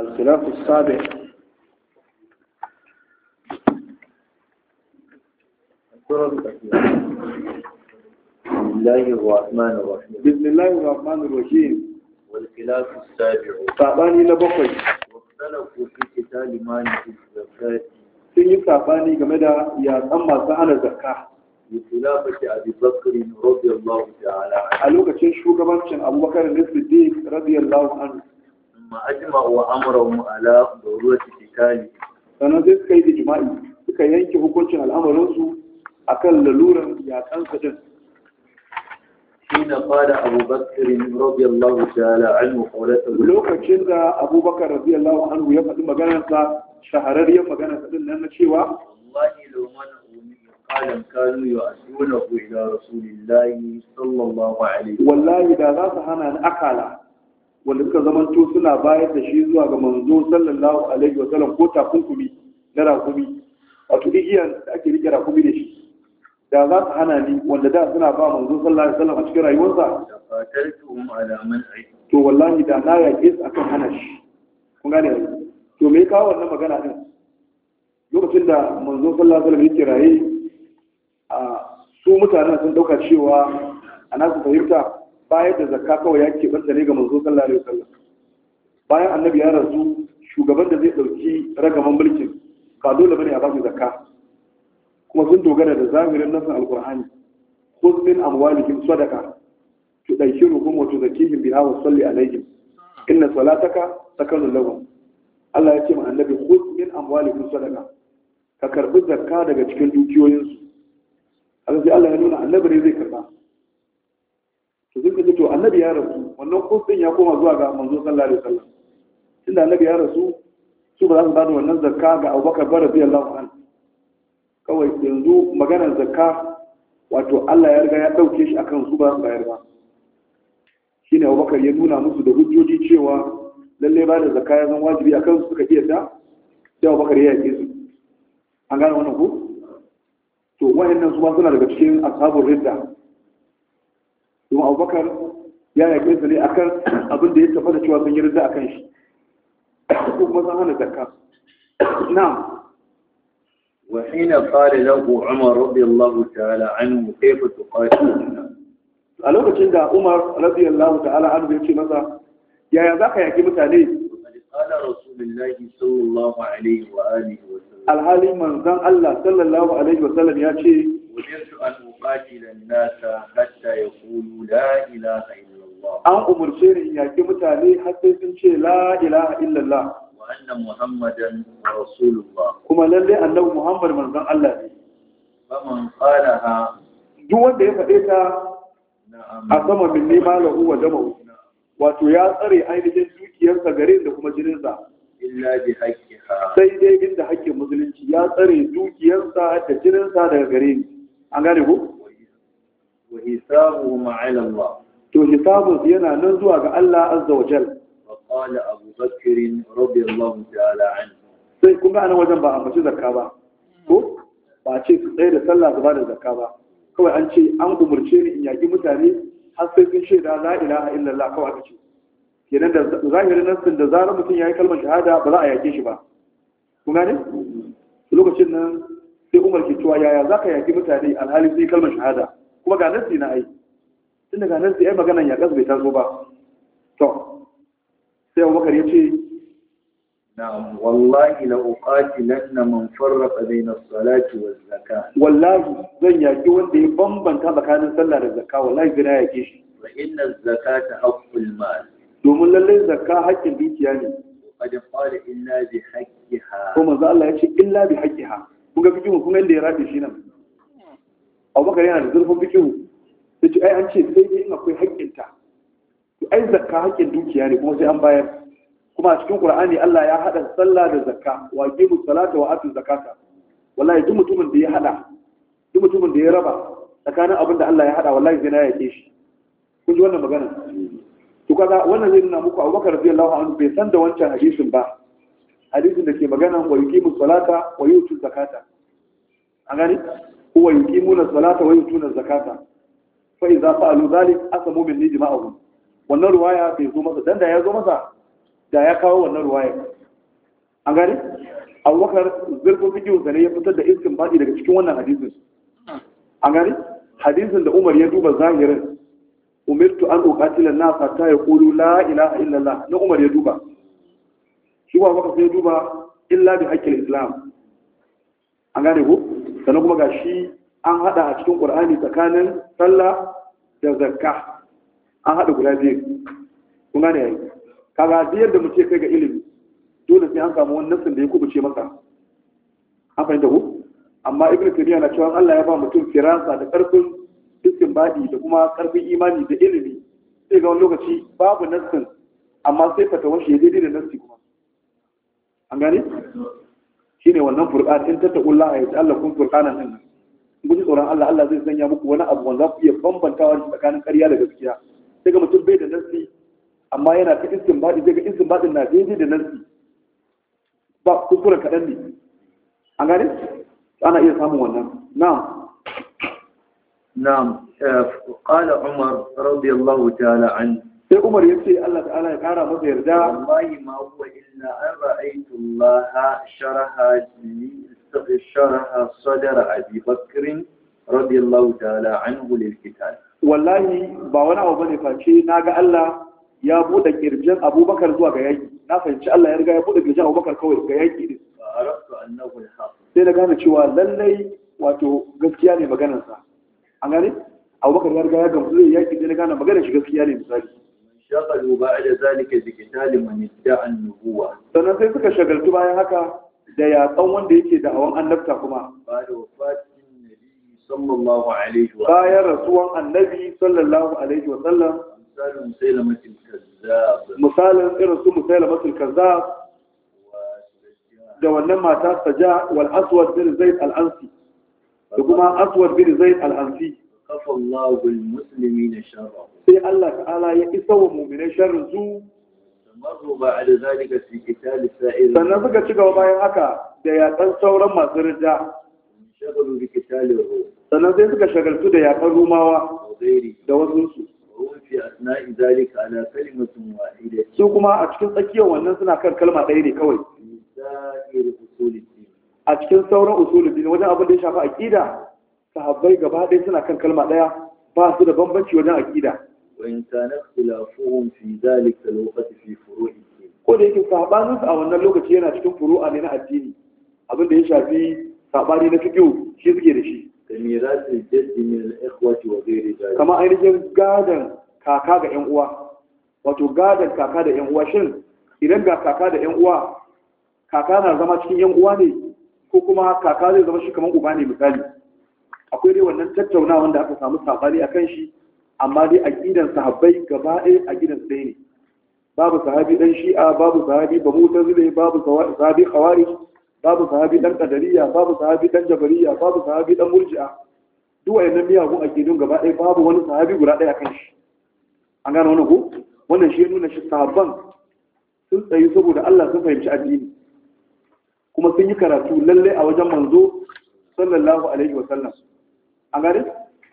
الخلاف السابع بسم الله الرحمن الرحيم بسم الله الرحمن الرحيم والخلاف السابع صعبان لبقي واختلف واختلفوا في قتال مانع الزكاة في yi كمدا يا أما سأنا زكاة بخلافة أبي بكر رضي الله تعالى عنه. ألوك تشوف شو كمان أبو بكر الصديق رضي الله عنه. ma ajima wa mu ala da ruwa cikin kali sannan sai suka yi da jima'i suka yanke hukuncin al'amuransu a kan laluran yakan su shi na fada abubakarin rabiyallahu ta'ala da lokacin da abubakar rabiyallahu ya faɗi maganarsa shahararriyar maganarsa din nan na cewa wani lomana alam kanu yi a tsunahu ila rasulillahi sallallahu alaihi wallahi da za su hana ni akala wanda suka to suna bayar da shi zuwa ga manzo sallallahu alaihi wa sallam ko takunkumi na rakumi a wato igiyan da ake rike rakumi da shi da za su hana ni wanda da suna ba manzo sallallahu alaihi wa sallam a cikin rayuwarsa to wallahi da na yaƙe su akan hana shi kun gane to me kawo wannan magana din lokacin da manzo sallallahu alaihi wa sallam yake raye a su mutanen sun dauka cewa ana su fahimta bayan da zakka kawai ya keɓanta ne ga manzo sallallahu alaihi wasallam bayan annabi ya rasu shugaban da zai ɗauki ragaman mulkin ba dole bane a ba shi zakka kuma sun dogara da zahirin nasin alqur'ani khudh min amwalihim sadaqa tudayyiruhum wa tuzakkihim biha wa salli alaihim inna salataka sakanun lahum Allah ya ce ma annabi khudh min amwalihim sadaqa ka karbi zakka daga cikin dukiyoyinsu Allah ya nuna annabi ne zai karba annabi ya rasu wannan kusurin ya koma zuwa ga manzo sallallahu alaihi wasallam tunda annabi ya rasu su ba za su bada wannan zakka ga Abubakar ba radiyallahu an kawai yanzu maganar zakka wato Allah ya riga ya dauke shi akan su ba su bayar ba shine Abubakar ya nuna musu da hujjoji cewa lallai ba da zakka ya zan wajibi akan su suka iya ta sai Abubakar ya yaƙe su an gane wannan ku to wa'annan su ba suna daga cikin ashabul ridda kuma Abubakar ya yaƙe su ne akan abin da ya tafa da cewa sun yi rida kan shi kuma sun hana zakka na'am وحين قال له عمر رضي الله تعالى عنه كيف تقاتل a lokacin da Umar radiyallahu ta'ala an ya ce masa yaya zaka yaki mutane qala rasulullahi sallallahu alaihi wa alihi wa sallam alhali manzon Allah sallallahu alaihi wa sallam ya ce wajitu an uqatila an-nasa hatta yaqulu la ilaha illa an umarce ni yaƙi mutane har sai sun ce la ilaha illallah wa muhammadan rasulullah kuma lalle annabi muhammad manzon Allah ne faman ha. duk wanda ya faɗe ta a sama min ne malahu wa jama'u wato ya tsare ainihin dukiyarsa gare da kuma jininsa illa bi haqqiha sai dai inda haƙƙin musulunci ya tsare dukiyarsa da jininsa daga gare ni an gane ko wa hisabu ma'ala Allah to hisabun yana nan zuwa ga Allah azza wa jal qala abu bakr radiyallahu ta'ala anhu sai kun ga wajen ba a mace zakka ba ko ba ce su tsaye da sallah su ba da zakka ba kawai an ce an umurce ni in yaki mutane har sai sun shaida la ilaha illallah kawai aka ce kenan da zahirin nassin da zarar mutum ya yi kalmar shahada ba za a yake shi ba kun gane lokacin nan sai umar ke cewa yaya za ka yaki mutane alhali sun yi kalmar shahada kuma ga nassi na aiki tun daga nan sai ai maganan ya bai taso ba to sai Abubakar ya ce na'am wallahi la uqatilanna man farraqa bayna as-salati wa Zaka. wallahi zan yaki wanda ya bambanta tsakanin sallah da zakka wallahi zan yaki shi wa inna az-zakata haqqul mal domin lalle zakka haƙƙin dukiya ne qad qala illa bi haqqiha ko manzo Allah ya ce illa bi haqqiha kun ga fikihu kun inda ya rabe shi nan Abubakar yana da zurfin fikihu sai ai an ce sai dai in akwai haƙƙinta to ai zakka haƙƙin dukiya ne kuma sai an bayar kuma a cikin qur'ani Allah ya hada sallah da zakka wa aqimu salata wa atu zakata wallahi duk mutumin da ya hada duk mutumin da ya raba tsakanin abin da Allah ya hada wallahi zai na yake shi kun ji wannan magana to kaga wannan zai nuna muku Abubakar radiyallahu anhu bai san da wancan hadisin ba hadisin da ke magana wa yuqimu salata wa yutu zakata an gani huwa yuqimuna salata wa yutuna zakata Za fa idza fa'alu zalik asamu min jima'ahum wannan ruwaya bai zo masa dan da ya zo masa da ya kawo wannan ruwaya an gani abubakar zirgin fikiyu da ne ya fitar da iskin baɗi daga cikin wannan hadisin an gani hadisin da umar ya duba zahirin umirtu an uqatila na fata ya la ilaha illallah na umar ya duba shi ba baka sai duba illa bi haqqil islam an gane ko sannan kuma ga shi. an haɗa a cikin ƙur'ani tsakanin sallah da zakka an haɗa guda biyu kuma ne yayi kaga biyar da muke kai ga ilimi dole sai an samu wani nasin da ya kubuce masa an fahimta ku amma ibn tabiya na cewa Allah ya ba mutum firansa da karfin badi da kuma karfin imani da ilimi sai ga wani lokaci babu nassin amma sai fatawar shi daidai da nassi kuma an gane shine wannan furqatin tattaqullaha ya Allah kun furqanan nan guji tsoron Allah Allah zai sanya muku wani abu wanda ku iya bambantawa tsakanin ƙarya da gaskiya sai ga mutum bai da nasi amma yana ta baɗi sai ga istinbadin na daidai da nasi ba kuskure kaɗan ne an gane ana iya samun wannan na'am na'am qala umar radiyallahu ta'ala an sai umar ya ce Allah ta'ala ya kara masa yarda wallahi ma huwa illa an ra'aytu Allah sharaha li sharaha sadara abi bakrin radiyallahu ta'ala anhu lil qital wallahi ba wani abu bane face naga Allah ya bude kirjin Abubakar zuwa ga yaki na fahimci Allah ya riga ya bude kirjin Abubakar kawai ga yaki din arabtu annahu al-haq sai da gane cewa lallai wato gaskiya ne maganar sa an gane Abubakar ya riga ya gamsu zai yaki sai da gane maganar shi gaskiya ne misali shagalu ba'da zalika bi qital man yad'a an-nubuwa sannan sai suka shagaltu bayan haka da ya yatsan wanda yake da awon annabta kuma bayan rasuwan annabi sallallahu alaihi wa sallam misalin irin su musailamatul kazzab da wannan mata saja wal aswad bin zaid al da kuma aswad bin zaid al sai Allah ta'ala ya isa wa mu'minai sharrin su sannan suka ci gaba bayan haka da yaƙar sauran masu rida sannan sai suka shagaltu da yaƙar rumawa da wasu su Su kuma a cikin tsakiyar wannan suna kan kalma ɗaya ne kawai a cikin sauran usulun wajen abin da ya shafi aƙida sahabbai gaba ɗaya suna kan kalma ɗaya ba su da bambanci wajen aƙida وإن كان اختلافهم في ذلك الوقت في فروع الدين ko da yake sabanin a wannan lokaci yana cikin furu'a ne na addini abin da ya shafi sabani na fiqh shi suke da shi kamiratul jaddi min al-ikhwati wa ghayri dhalik kama ainihin gadan kaka ga yan uwa wato gadan kaka da yan uwa shin idan ga kaka da yan uwa kaka na zama cikin yan uwa ne ko kuma kaka zai zama shi kamar uba ne misali akwai dai wannan tattaunawa wanda aka samu sabani akan shi amma dai aƙidan sahabbai gaba ɗaya aqidan ɗaya ne babu sahabi dan shi'a babu sahabi ba mutazile babu sahabi khawarij babu sahabi dan ƙadariya babu sahabi dan jabariya babu sahabi dan murji'a duk wayannan miyagun aqidun gaba ɗaya babu wani sahabi guda ɗaya kan shi an gane wani ko wannan shi ya nuna shi sahabban sun tsayi saboda Allah sun fahimci addini kuma sun yi karatu lallai a wajen manzo sallallahu alaihi wa sallam an gane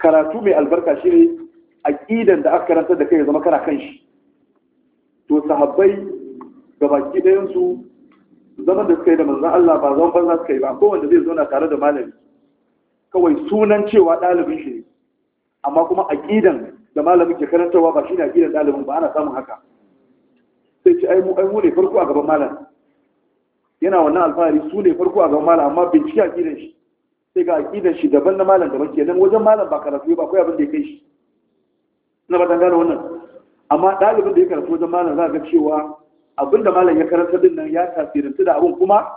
karatu mai albarka shi ne aƙidan da aka karanta da kai ya zama kana kan shi to sahabbai ga baki ɗayan su zaman da suka yi da manzon Allah ba zaman banza suka yi ba ko wanda zai zauna tare da malami kawai sunan cewa ɗalibin shi ne amma kuma aƙidan da malamin ke karantarwa ba shine aƙidan ɗalibin ba ana samun haka sai ce ai mu ai mu ne farko a gaban malam yana wannan alfahari su ne farko a gaban malam amma bincike aƙidan shi sai ga aƙidan shi daban na malam daban kenan wajen malam ba karatu ba akwai abin da ya kai shi na ba ta gane wannan amma ɗalibin da ya karatu wajen malam za ga cewa abin da malam ya karanta din nan ya tasirinta da abin kuma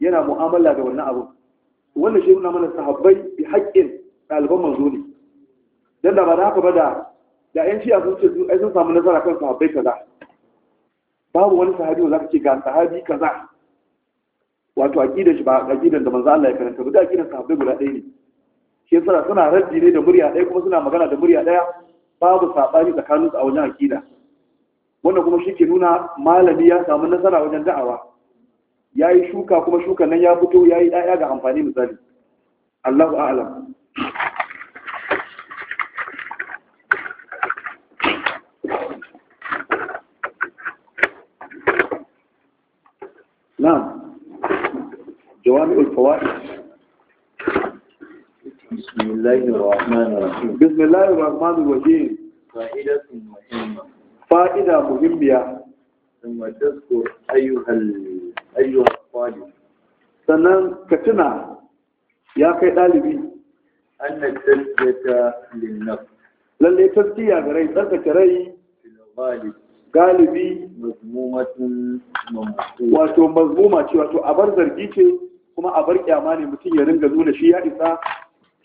yana mu'amala da wannan abin wannan shi nuna mana sahabbai bi haƙƙin ɗaliban manzo ne dan da ba da haka ba da da ƴan shi'a sun ce su ai sun samu nasara kan sahabbai kaza babu wani sahabi wanda ce ga sahabi kaza wato aqidar shi ba aqidar da manzo Allah ya karanta ba da aqidar sahabbai guda ɗaya ne shi yasa suna raddi ne da murya ɗaya kuma suna magana da murya ɗaya babu saɓani tsakanin su a wajen akida wannan kuma shi ke nuna malami ya samu nasara wajen da'awa ya yi shuka kuma shukan nan ya fito ya yi ɗaya ga amfani misali Allahu a'lam na'am jawabi fawaid الله الرحمن الرحيم بسم الله الرحمن الرحيم فائدة مهمة sannan ka tuna ya kai ɗalibi annan tasbiyata linnaf lalle tasbiya ga rai tsarkake rai galibi mazmumatun wato mazmuma ce wato abar zargi ce kuma abar kyama ne mutum ya ringa nuna shi ya isa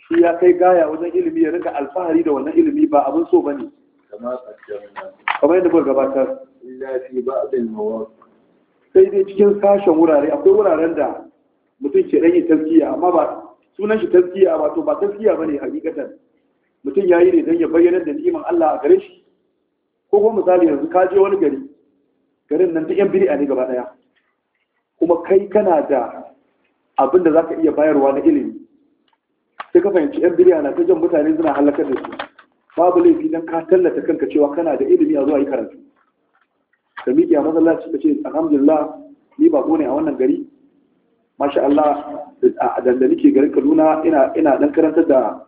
shi ya kai gaya wajen ilimi ya rika alfahari da wannan ilimi ba abin so bane kamar yadda kuka gabatar sai dai cikin sashen wurare akwai wuraren da mutum ke ɗanyi taskiya amma ba sunan shi taskiya to ba taskiya bane hakikatan mutum ya yi ne don ya bayyana da ni'iman Allah a gare shi ko kuma misali yanzu ka je wani gari garin nan duk yan biri'a ne gaba ɗaya, kuma kai kana da abin da za ka iya bayarwa na ilimi sai ka fahimci yan biriya na ta jan mutane suna halakar da su babu laifi dan ka tallata kanka cewa kana da ilimi a zuwa yi karatu ka miƙe a su ka ce alhamdulillah ni ba ne a wannan gari masha Allah da nake garin Kaduna ina ina dan karanta da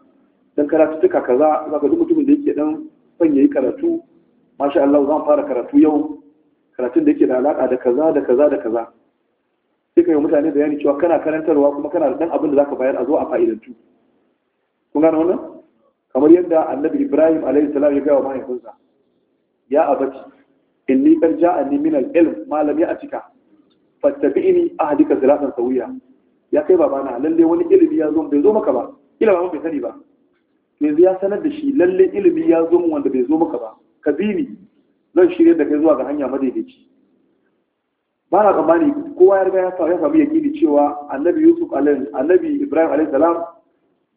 dan tuka kaza ka duk mutumin da yake dan son yayi karatu masha Allah zan fara karatu yau karatun da yake da alaka da kaza da kaza da kaza sai kai mutane bayani cewa kana karantarwa kuma kana da dan abin da zaka bayar a zo a fa'idantu kun gane wannan kamar yadda annabi ibrahim alaihi ya gawa mahaifinsa ya abaci kan qad ja'ani min al-ilm ma lam ya'tika fattabi'ni ahdika zilatan sawiya ya kai babana lalle wani ilimi ya zo bai zo maka ba ila ba bai sani ba yanzu ya sanar da shi lalle ilimi ya zo mu wanda bai zo maka ba ka bi ni zan shirye da kai zuwa ga hanya madaidaici ba na tsammani kowa ya riga ya samu ya cewa annabi yusuf alaihi annabi ibrahim alaihi salam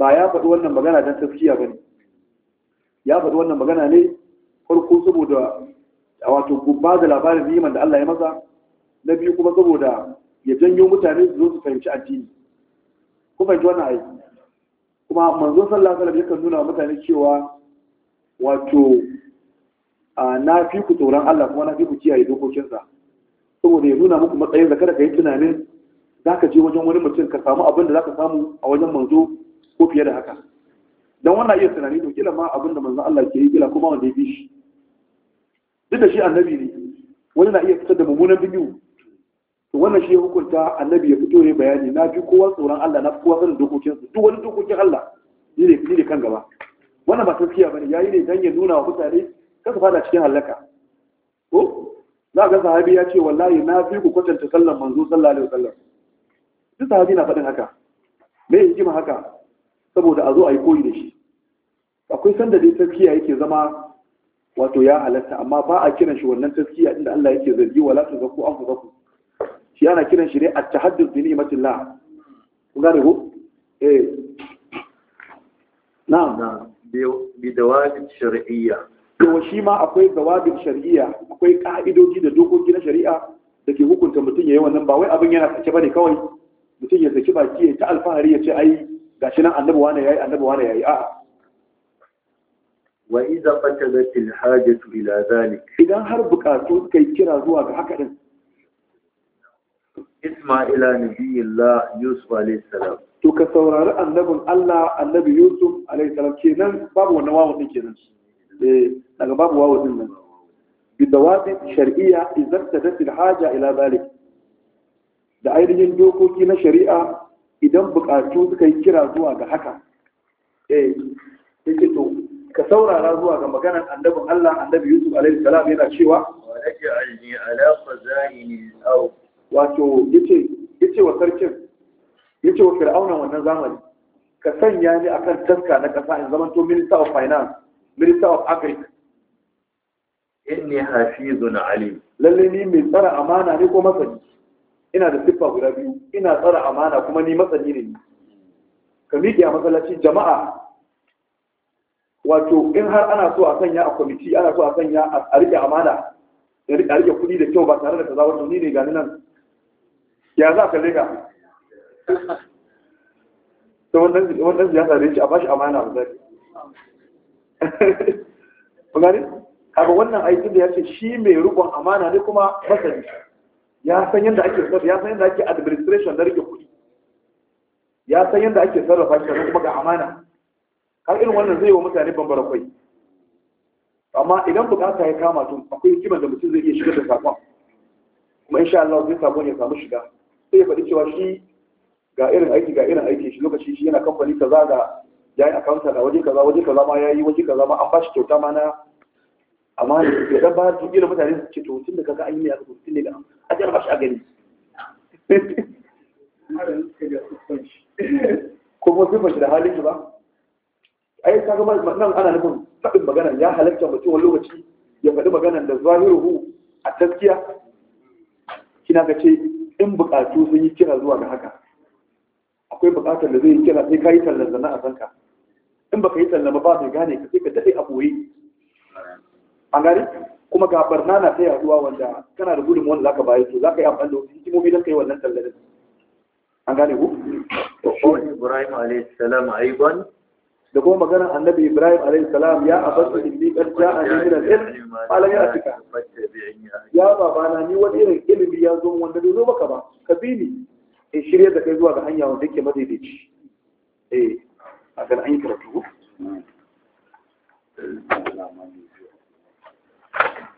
ba ya faɗi wannan magana don tafiya ba ne ya faɗi wannan magana ne farko saboda wato ba da labarin neman da Allah ya masa na biyu kuma saboda ya janyo mutane su zo su fahimci addini ku fahimci wannan aiki kuma manzon sallallahu alaihi wasallam yakan nuna wa mutane cewa wato na fi ku tsoron Allah kuma na fi ku kiyaye dokokinsa saboda ya nuna muku matsayin da kada ka yi tunanin za ka je wajen wani mutum ka samu abin da za ka samu a wajen manzo ko fiye da haka don wannan iya tunani to kila ma abinda manzon Allah ke yi kila kuma wanda ya bi shi duk da shi annabi ne wani na iya fitar da mummunan bidiyo to wannan shi ya hukunta annabi ya fito ya bayani na fi kowa tsoron Allah na fi kowa sanin dokokin su duk wani dokokin Allah ni ne ni ne kan gaba wannan ba tafiya bane yayi ne dan ya nuna wa mutane kasa fada cikin halaka ko za ga sahabi ya ce wallahi na fi ku kwatanta sallar manzo sallallahu alaihi wasallam duk sahabi na faɗin haka me yake haka saboda a zo a yi koyi da shi akwai sanda dai taskiya yake zama wato ya halatta amma ba a kiran shi wannan taskiya inda Allah yake zargi wala ta zaku an zaku shi ana kiran shi ne at tahaddud bi ni'matillah ku gane ko eh na'am na'am bi dawabi shar'iyya to shi ma akwai dawabi shar'iyya akwai ka'idoji da dokoki na shari'a da ke hukunta mutum ya yi wannan ba wai abin yana sake bane kawai mutum ya saki baki ya ta alfahari ya ce ai وإذا قتلت الحاجة إلى ذلك إذا هربك أسود كي ترى هو اسمع إلى نبي الله يوسف عليه السلام تكثر النبو الله النبي يوسف عليه السلام كينا باب ونواه نكينا باب واو ذنبا بالدواب الشرعية إذا اقتدت الحاجة إلى ذلك دعيني الجوكو كينا شريعة idan bukatu suka yi kira zuwa ga haka eh ce to ka saurara zuwa ga maganar annabin Allah annabi Yusuf alaihi salam yana cewa walaki alni ala khazaini aw wato ya ce wa sarkin Ya ce wa fir'auna wannan zamani ka sanya ni akan taska na kasa in zamanto minister of finance minister of ne inni hafizun alim lalle ni mai tsara amana ne ko masani ina da siffa guda biyu ina tsara amana kuma ni matsani ne ni ka miƙe a masallaci jama'a wato in har ana so a sanya a kwamiti ana so a sanya a riƙe amana a riƙe kuɗi da kyau ba tare da kaza wato ni ne gani nan ya za ka lega ta wannan ziyarar da ya ce a bashi amana a zafi. ba gani abu wannan aikin da ya ce shi mai rubon amana ne kuma masani ya san yadda ake sarrafa ya san yadda ake administration da rike kuɗi ya san yadda ake sarrafa shi kuma ga amana har irin wannan zai yi wa mutane bambara kwai amma idan bukata ya kama tun akwai hikimar da mutum zai iya shigar da sakon kuma insha Allah zai samu ya samu shiga sai ya faɗi cewa shi ga irin aiki ga irin aiki shi lokaci shi yana kamfani kaza ga ya yi a da waje kaza waje kaza ma ya yi waje kaza ma an ba shi kyauta ma na amma ne ke dan bayar to kila mutane su ce to tun da kaga an yi ne aka tun ne ga a jar bashi a gani ko kuma sai bashi da halin shi ba ai kaga ba nan ana nufin faɗin magana ya halatta mutum wani lokaci ya faɗi magana da zahiruhu a taskiya kina ka ce in buƙatu sun yi kira zuwa ga haka akwai buƙatar da zai yi kira sai ka yi tallan zana a sanka in baka yi tallan ba mai gane ka sai ka daɗe a ɓoye a gari kuma ga barna na ta yaduwa wanda kana da gudun wanda zaka bayar za ka yi amfani da wasu, hikimomi don kai wannan tallar an gane ku to kowane ibrahim alayhi salam ayyuban da kuma magana annabi ibrahim alayhi salam ya abasu indi kan ja a jirgin al'il malami a cika ya babana ni wani irin ilimi ya zo wanda dole zo baka ba ka bi ni in shirya da kai zuwa ga hanya wanda yake madaidaici eh a ganin an yi karatu.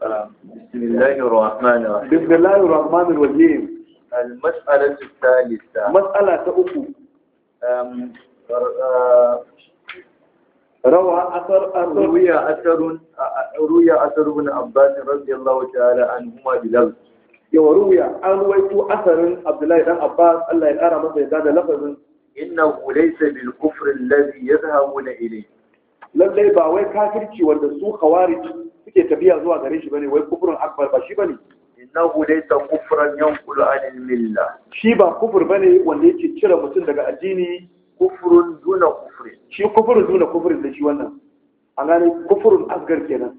بسم الله الرحمن الرحيم بسم الله الرحمن الرحيم المسألة الثالثة مسألة أخو آه، روى أثر روي أثر آه، آه، روي أثر ابن عباس رضي الله تعالى عنهما بلال يوروي أنويت أثر عبد الله بن عباس الله يرى ما زاد لفظ إنه ليس بالكفر الذي يذهبون إليه لا ليبا وكافر كي ورد سوق خوارج suke tafiya zuwa gare shi bane wai kufrun akbar ba shi bane innahu laysa kufran yanqulu anil milla shi ba kufur bane wanda yake cire mutum daga addini kufrun duna kufri shi kufrun duna kufrin da shi wannan an gane kufrun asgar kenan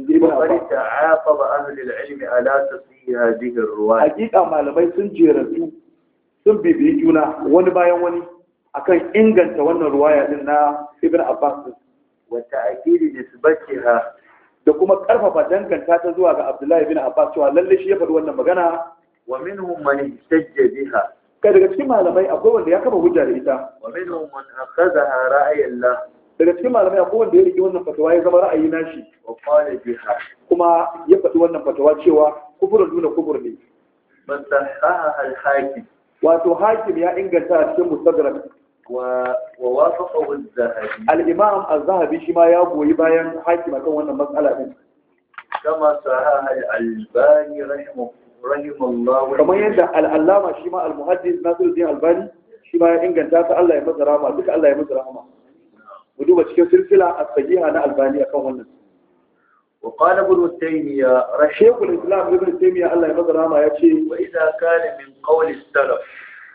وقد تعاقب أهل العلم على تصحيح هذه الرواية حقيقة ما sun bibiyi juna wani bayan wani akan inganta wannan ruwaya din na ibn abbas wa ta'kid nisbatiha da kuma karfafa danganta ta zuwa ga Abdullahi bin Abbas cewa lalle shi ya faɗi wannan magana wa minhum man ihtajja biha kai daga cikin malamai akwai wanda ya kama hujja da ita wa minhum man akhadha ra'ayillah daga cikin malamai akwai wanda ya rike wannan fatawa ya zama ra'ayi nashi wa qala biha kuma ya faɗi wannan fatawa cewa kufurun duna kufur ne man sahaha al-hakim wato hakim ya inganta a cikin mustadrak ووافقه الذهبي الإمام الذهبي شما يابو يباين حاكم أكون وانا مسألة منه كما صحاها الألباني رحمه رحمه الله كما يندى الألامة شما المهدد ناصر الدين الألباني شما ينقل تاسع الله يمز رحمه بك الله يمز رحمه ودوبة شكو سلسلة الصحيحة أنا ألباني أكون وانا وقال ابن تيمية شيخ الإسلام ابن تيمية الله يمز رحمه يا شيخ وإذا كان من قول السلف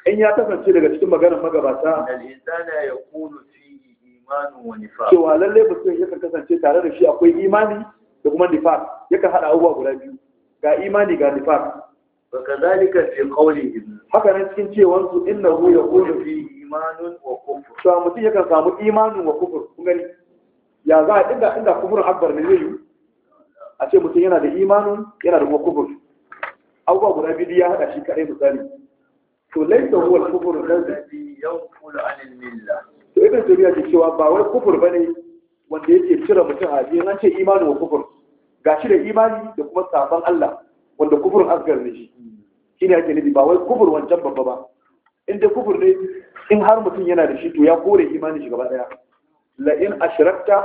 in ya kasance daga cikin maganar magabata cewa lalle mutum yakan kasance tare da shi akwai imani da kuma nifaq yakan hada abubuwa guda biyu ga imani ga nifaq وكذلك في قولهم haka nan cikin cewa su innahu yaqulu fi imanun wa kufr to mutum yakan samu imanin wa kufur kun gani ya za a inda inda kufrun akbar ne zai yi a ce mutum yana da imanin yana da kuma kufur abubuwa guda biyu ya hada shi kadai misali to laisa huwa al-kufru alladhi yanfulu 'anil millah to ibn turiya ke cewa ba wai kufur bane wanda yake cire mutum a jin an ce imani wa kufur gashi da imani da kuma sabon Allah wanda kufur asgar ne shi shine ake nufi ba wai kufur wancan babba ba in da kufur ne in har mutum yana da shi to ya kore imani shi gaba daya la in ashrakta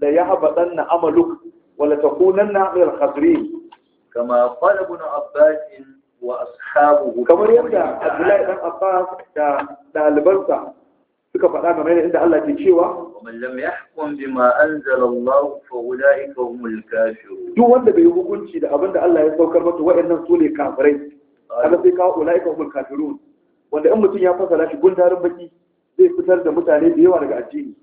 la yahbatanna amaluk wa la takunanna min al-khasirin kama qala ibn abbas kamar yadda Abdullahi dan Abbas da dalibansa suka faɗa game da inda Allah ke cewa duk wanda bai hukunci da abin da Allah ya saukar masa waɗannan su ne kafirai kada sai ka ulaika humul kafirun wanda in mutum ya fasa shi gundarin baki zai fitar da mutane da yawa daga addini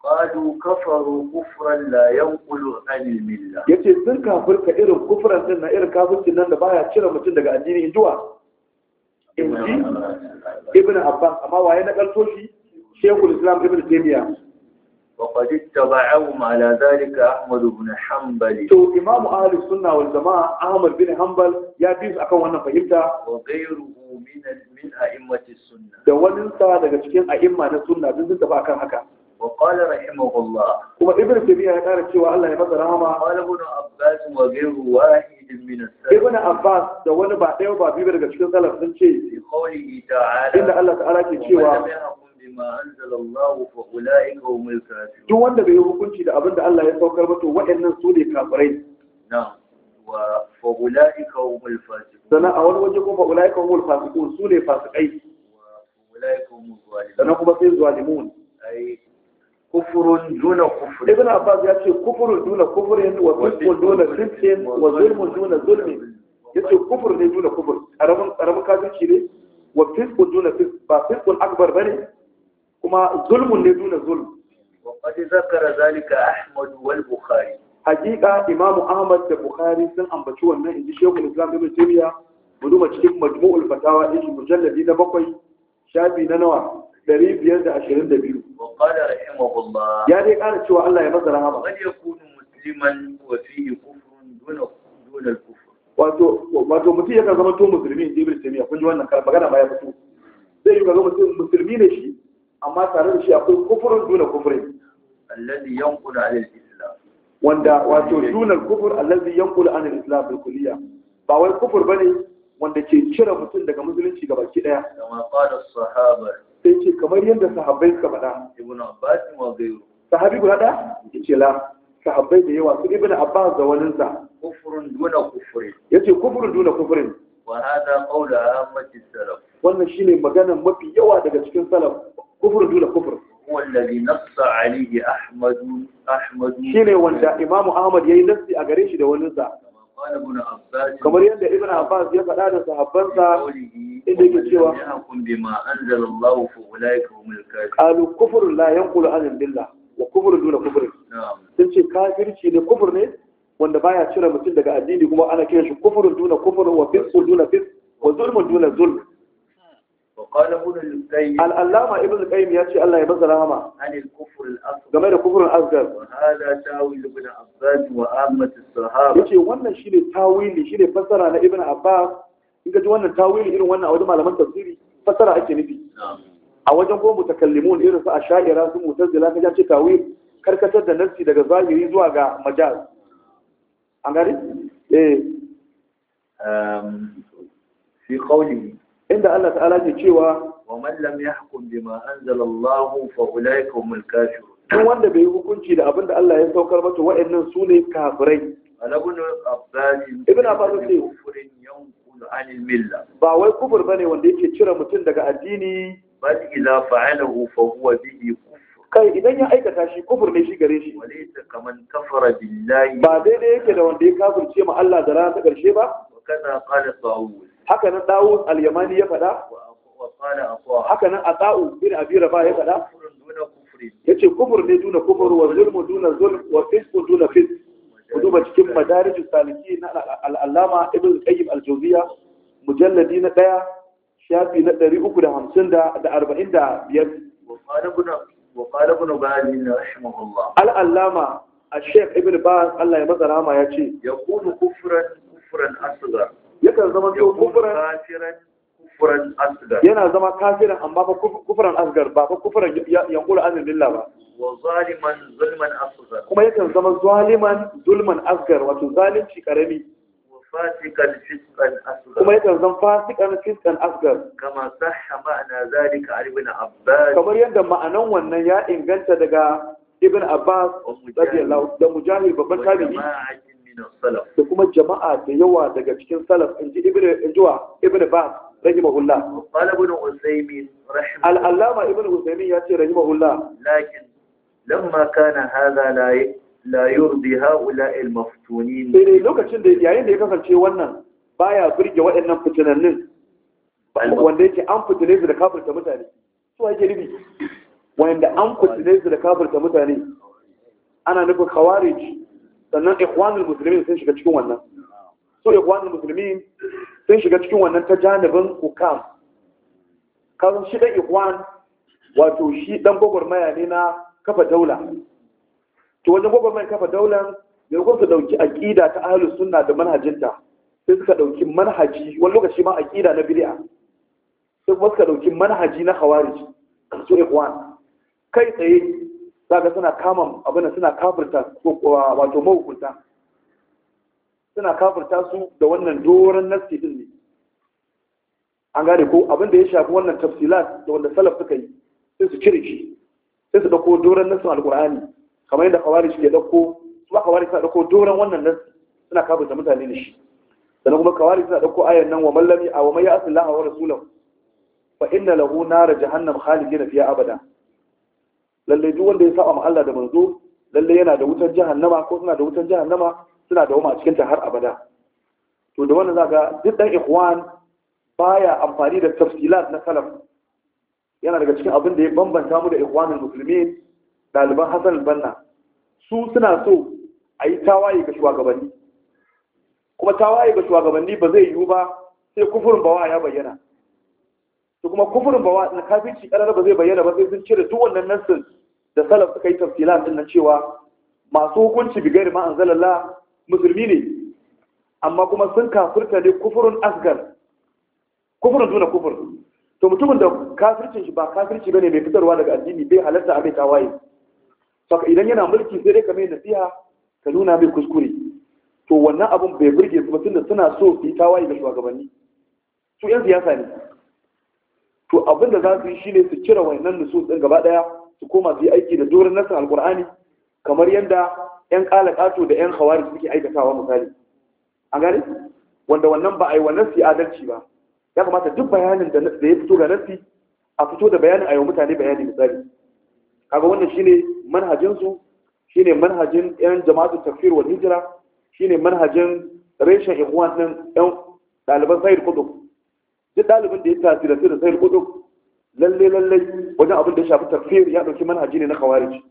qalu kafaru kufran la yanqulu an al Ya yace sun ka irin kufran din na irin kafircin nan da baya cire mutum daga addini injuwa inji ibn abbas amma waye na kalto shi shekul islam ibn taymiya وقد اتبعهم على ذلك احمد بن حنبل تو امام اهل السنه والجماعه Ahmad بن حنبل ya بيس akan wannan fahimta wa ghayruhu min min a'immatis sunnah da wannan sa daga cikin a'imma na sunna duk sun ba akan haka وقال رحمه الله كما ابن تيمية قال cewa Allah ya masa rama. قال ابن عباس وغير واحد من السلف ابن عباس da wani ba ba biyu daga cikin salaf sun ce bi qawlihi ta'ala inda Allah ta'ala ke cewa bima anzala Allah fa ulaika humul kafirun duk wanda bai hukunci da abinda da Allah ya saukar ba waɗannan su ne kafirai na'am wa fa ulaika humul fasiqun sana a wani waje kuma kuma kufurun duna kufur ibn abbas ya ce kufurun duna kufurin wa zulmun duna zulmin wa zulmun duna zulmin yace kufur ne duna kufur karamin karamin kafirci ne wa fiskun duna fisk ba fiskun akbar bane kuma zulmun ne duna zulm wa qad zakara zalika ahmad wal bukhari hakika imam ahmad da bukhari sun ambaci wannan inji al islam ibn taymiya buduma cikin majmu'ul fatawa din mujalladi na bakwai shafi na nawa dari biyar da ashirin da biyu ya dai ƙara cewa Allah ya masa rahama wani ya kunu musliman wafi fihi kufrun duna duna kufr wato mutum yakan zama to musulmi in jibril tamiya kun ji wannan kar magana ba ya fito zai yi kaga mutum musulmi ne shi amma tare da shi akwai kufrun duna kufrin alladhi yanqulu alal islam wanda wato duna kufur alladhi yanqulu anil islam bil kulliya ba wai kufur bane wanda ke cire mutum daga musulunci gaba ki daya kama qala as-sahaba sai ce kamar yadda sahabbai suka faɗa ibnu abbas wa ghayru sahabi guda da yace la sahabbai da yawa su ibnu abbas da wani sa kufrun duna kufrin yace kufrun duna kufrin wa hada qawlu ammati salaf wannan shine magana mafi yawa daga cikin salaf kufrun duna kufr huwa alladhi nassa alayhi ahmad ahmad shine wanda imamu ahmad yayi nassi a gare shi da wani sa kamar yadda ibn abbas ya faɗa da sahabbansa inda yake cewa qalu kufrun la yanqulu an billah wa kufrun duna kufrin sun ce kafirci ne kufur ne wanda baya cire mutum daga addini kuma ana kiran shi kufrun duna kufr wa fisqun duna fisq wa zulmun duna zulm وقال ابن القيم العلامه ابن القيم ياتي الله يبارك رحمه عن الكفر الاصغر جماعه الكفر الاصغر وهذا تاويل ابن عباس وعامه الصحابه na ibn abbas kinga ji wannan tawili irin wannan a wajen malaman tafsiri fassara ake nufi a wajen kuma mutakallimun irin su ashaira su mutazila kaje ce tawili karkatar da nassi daga zahiri zuwa ga Majal. an gari eh um fi qawlihi inda Allah ta'ala ke cewa wa man ya yahkum bima anzala Allah fa ulaika humul kafirun wanda bai yi hukunci da abin da Allah ya saukar mata wa'annan su ne kafirai alabun abbas ibn abbas ne kufurin yankulu anil milla ba wai kufur bane wanda yake cire mutum daga addini bal idza fa'alahu fa huwa bihi kai idan ya aikata shi kufur ne shi gare shi walaysa kaman kafara billahi ba daidai yake da wanda ya kafirce ma Allah da ta karshe ba kaza qala sa'ul haka nan dawud al-yamani ya faɗa haka nan asa'u bin abi ba ya faɗa Ya ce kufur ne duna kufur wa zulmu duna zulm wa fisq duna fisq ku duba cikin madarijus salikin na al-allama ibn qayyim al-jawziya mujalladi na ɗaya, shafi na ɗari uku da arba'in da 45 وقال ابن باز رحمه الله العلامة الشيخ ابن باز الله يمزر عما يأتي يقول كفرا kufuran أصغر yakan zama biyu kufuran kufuran asgar yana zama kafiran amma ba kufuran asgar ba ba kufuran yanqulu azin billah ba wa zaliman zulman asgar kuma yakan zama zaliman zulman asgar wato zalunci karami fasikan fiskan asgar kuma yakan zama fasikan fiskan asgar kama sahha ma'ana zalika ibn abbas kamar yadda ma'anan wannan ya inganta daga ibn abbas radiyallahu da mujahid babban tabi'i salaf da kuma jama'a da yawa daga cikin salaf in ji ibn ba rahimahullah qala ibn usaymin rahim al-allama ibn usaymin ya ce rahimahullah lakin lamma kana hadha la la yurdi haula al-maftunin sai lokacin da yayin da ya kasance wannan baya burge waɗannan fitinannin wanda yake an fitine su da kafirta mutane su ake ribi wanda an fitine su da kafirta mutane ana nufin khawarij sannan ikhwanul muslimin sun shiga cikin wannan so ikhwanul muslimin sun shiga cikin wannan ta janibin hukam kan shi dan ikhwan wato shi dan gwagwarmaya ne na kafa daula to wajen gwagwarmaya kafa daular kuma su dauki aqida ta ahlus sunna da manhajinta sai suka dauki manhaji wani lokaci ma aqida na bid'a sai kuma suka dauki manhaji na khawarij su ikhwan kai tsaye zaka suna kama abin suna kafirta wato mahukunta suna kafirta su da wannan doron nassi din ne an gane ko abin da ya shafi wannan tafsilat da wanda salaf suka yi sai su cire shi sai su dauko doron nassin alqur'ani kamar yadda khawarij ke dauko su ba khawarij suna dauko doron wannan nassi suna kafirta mutane da shi sannan kuma khawarij suna dauko ayan nan wa mallami a wa may ya'sil laha wa rasulahu fa inna lahu nar jahannam khalidina fiha abada lalle duk wanda ya saba ma Allah da manzo lalle yana da wutar jahannama ko suna da wutar jahannama suna da wama a cikin ta har abada to da wannan zaka duk dan ikhwan baya amfani da tafsilat na salaf yana daga cikin abin da ya bambanta mu da ikhwanul muslimin daliban Hassan al-Banna su suna so a yi tawaye ga shugabanni kuma tawaye ga shugabanni ba zai yiwu ba sai kufurin bawa ya bayyana to kuma kufurin bawa na kafirci ƙarar ba zai bayyana ba sai sun cire duk wannan nassin da salaf suka yi tafsilan din cewa masu hukunci bi gairi ma anzalallah musulmi ne amma kuma sun kafirta ne kufurun asgar kufurun duna kufur to mutumin da kafircin shi ba kafirci bane mai fitarwa daga addini bai halarta a mai tawaye saka idan yana mulki sai dai ka nasiha ka nuna mai kuskure to wannan abun bai burge su ba tunda suna so su yi tawaye ga shugabanni su yan siyasa ne to abin da za su yi shine su cire wannan nusus din gaba daya su koma su yi aiki da doron nasa alkur'ani kamar yadda yan kalakato da yan hawari suke aikatawa misali a gani wanda wannan ba a yi wa nasi adalci ba ya kamata duk bayanin da ya fito ga nasi a fito da bayanin a yi wa mutane bayani misali kaga wannan shine manhajin su shine manhajin yan jama'atu tafiyar wal hijira shine manhajin reshen ihwan din yan ɗaliban sayar kudu duk ɗalibin da ya tasira da sayar kudu lalle lalle wajen abin da ya shafi tafiyar ya dauki manhaji ne na khawarij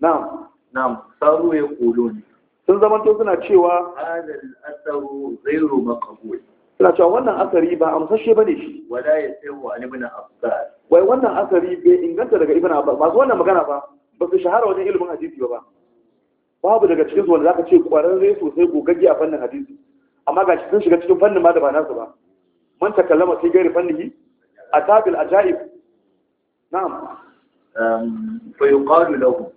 na'am na'am saru ya ne sun zamanto suna cewa hadal asaru ghairu maqbul suna cewa wannan asari ba amsashe bane shi wala yasahu an ibn abbas wai wannan asari bai inganta daga ibn abbas masu wannan magana ba ba su shahara wajen ilimin hadisi ba babu daga cikin su wanda zaka ce kwararre sosai gogagge a fannin hadisi amma gashi sun shiga cikin fannin ma da ba nasu ba man takallama sai gairi fannihi adabil ajaib na'am fa yuqalu lahu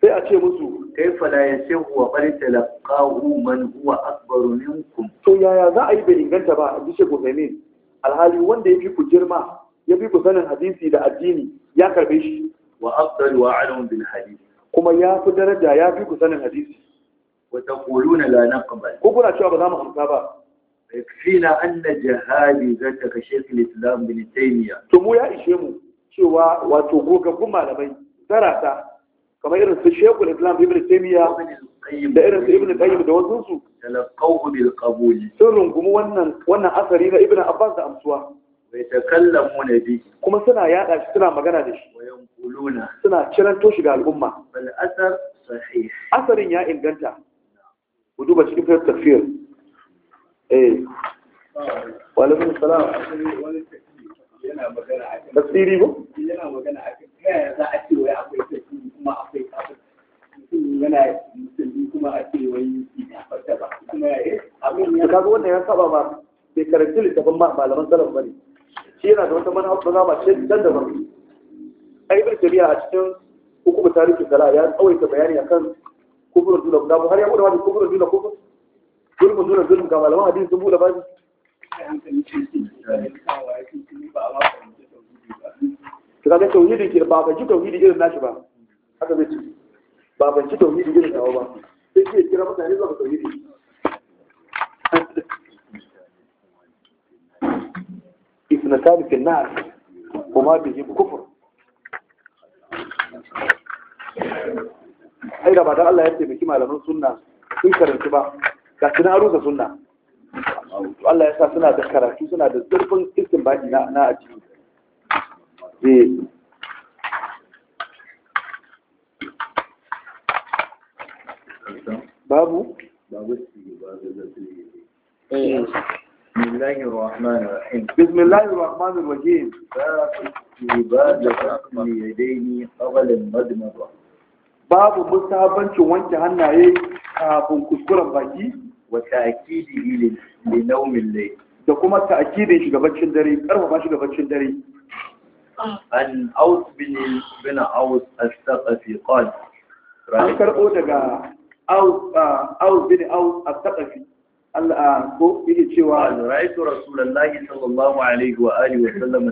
sai a ce musu kaifa la yasahu wa qad talaqahu man huwa akbar minkum za a yi bai ba a bishe gofemin alhali wanda yafi ku girma yafi ku sanin hadisi da addini ya karbe shi wa afdal wa alim bil hadisi kuma ya fi daraja ya fi ku sanin hadisi wa taquluna la naqbal ko kuna cewa ba za mu amsa ba yakfina anna jihadi zaka ka shekul islam bin taymiya ya ishe mu cewa wato gogaggun malamai zarata kamar irin su shekul islam ibn da irin su ibn qayyim da wasu su talaqaw bil qabul sun rungumi wannan wannan asari na ibn abbas da amsuwa bai takallamu na bi kuma suna yada shi suna magana da shi wayan kuluna suna ciranto ga al'umma bal asar asarin ya inganta ku duba cikin tafsir eh salam a a kuma akwai kafir a ya a cikin hukumar tarihi ya bayani akan har ya bude zulmu zulmu zulmu ga malaman hadisi sun bude babu to kaga tauhidi ke ba ban ji tauhidi irin nashi ba haka zai ce ba ban ji tauhidi irin nawa ba sai ke kira mutane zuwa tauhidi اثنتان في kuma وما به كفر ai da ba dan Allah ya taimaki malaman sunna sun karanta ba ga kinaru da suna Allah ya sa suna da karatu suna da zurfin istinbadi na na a eh babu بسم الله الرحمن الرحيم بسم الله الرحمن الرحيم باب غسل اليدين قبل المضمضة باب مستحبنci wanke hannaye wa ta'kidihi li nawmin layl da kuma ta'kidin shi gabancin dare karfafa shi dare an aus bin aus as-saqafi qal an karbo daga aus aus bin aus as-saqafi Allah ko yake cewa ra'aytu rasulullahi sallallahu alaihi wa alihi wa sallam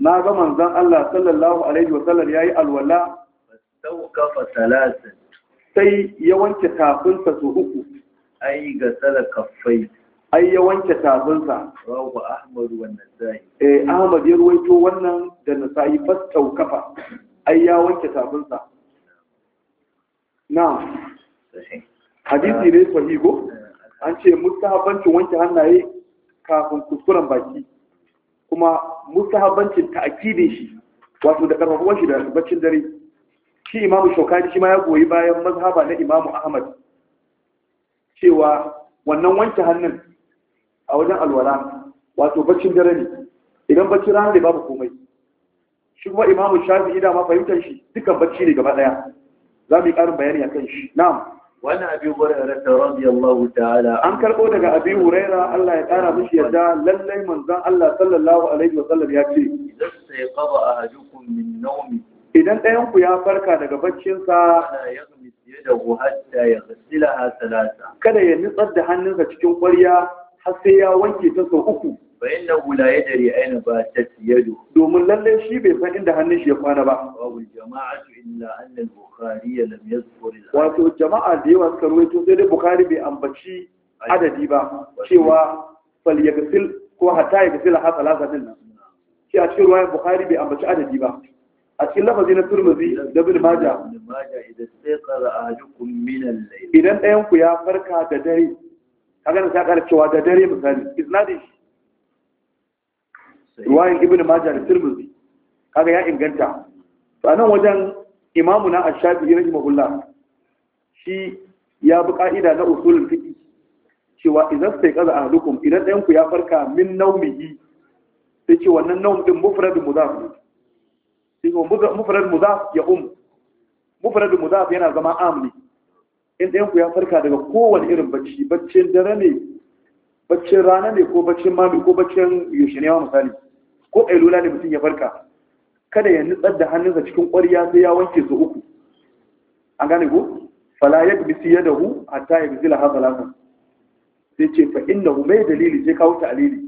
na ga manzon Allah sallallahu alaihi wa sallam yayi alwala fastawqafa thalathan sai ya wanke kafinsa su uku ai ga sala kaffai ai ya wanke tafinsa rawu ahmad wannan zai eh ahmad ya ruwaito wannan da nasai fastau kafa ai ya wanke tafinsa na'am hadisi ne sahihi ko eh, an ce mustahabancin wanke hannaye kafin kuskuren baki kuma mustahabancin ta'kidin shi wato da karfafuwan shi da baccin dare shi imamu shokani shi ma ya goyi bayan mazhaba na imamu ahmad cewa wannan wanke hannun a wajen alwala wato baccin dare ne idan bacci rana ne babu komai shi kuma imamu shafi'i da ma fahimtar shi dukkan bacci ne gaba daya za mu yi karin bayani a kan shi na'am wani abi hurairah ta radiyallahu ta'ala an karbo daga abi hurairah Allah ya kara mishi yadda lallai manzon Allah sallallahu alaihi wasallam ya ce idan sai qaba ahadukum min nawmi idan ɗayan ku ya farka daga baccinsa yadahu hatta yaghsilaha thalatha kada ya nitsar da hannunsa cikin ƙwarya har sai ya wanke ta sau uku fa innahu la yadri ayna batat yadu domin lalle shi bai san inda hannun shi ya kwana ba wa jama'atu illa anna al-bukhari lam yadhkur wato jama'a da yawa suka ruwaito sai dai bukhari bai ambaci adadi ba cewa fal yaghsil ko hatta yaghsila ha thalatha din nan shi a cikin ruwayar bukhari bai ambaci adadi ba a cikin lafazi na turmuzi da bin maja idan ɗayan ku ya farka da dare kaga na ta cewa da dare misali isnadin ruwayin ibn maja da turmuzi kaga ya inganta to anan wajen imamu na ashabi rahimahullah shi ya bi ka'ida na usulun fiqh cewa idan sai kaza ahlukum idan ɗayan ku ya farka min naumihi sai ce wannan naum din mufradun mudaf sai mufrad mudaf ya um mufrad mudaf yana zama am inda yanku ya farka daga kowane irin bacci baccin dare ne baccin rana ne ko baccin mami ko baccin yaushe ne misali ko ƙailula ne mutum ya farka kada ya nutsar da hannunsa cikin ƙwarya sai ya wanke su uku an gane ku fala ya bi siya da hu hatta ya bizila ha salatan sai ce fa innahu mai dalili sai kawo ta alili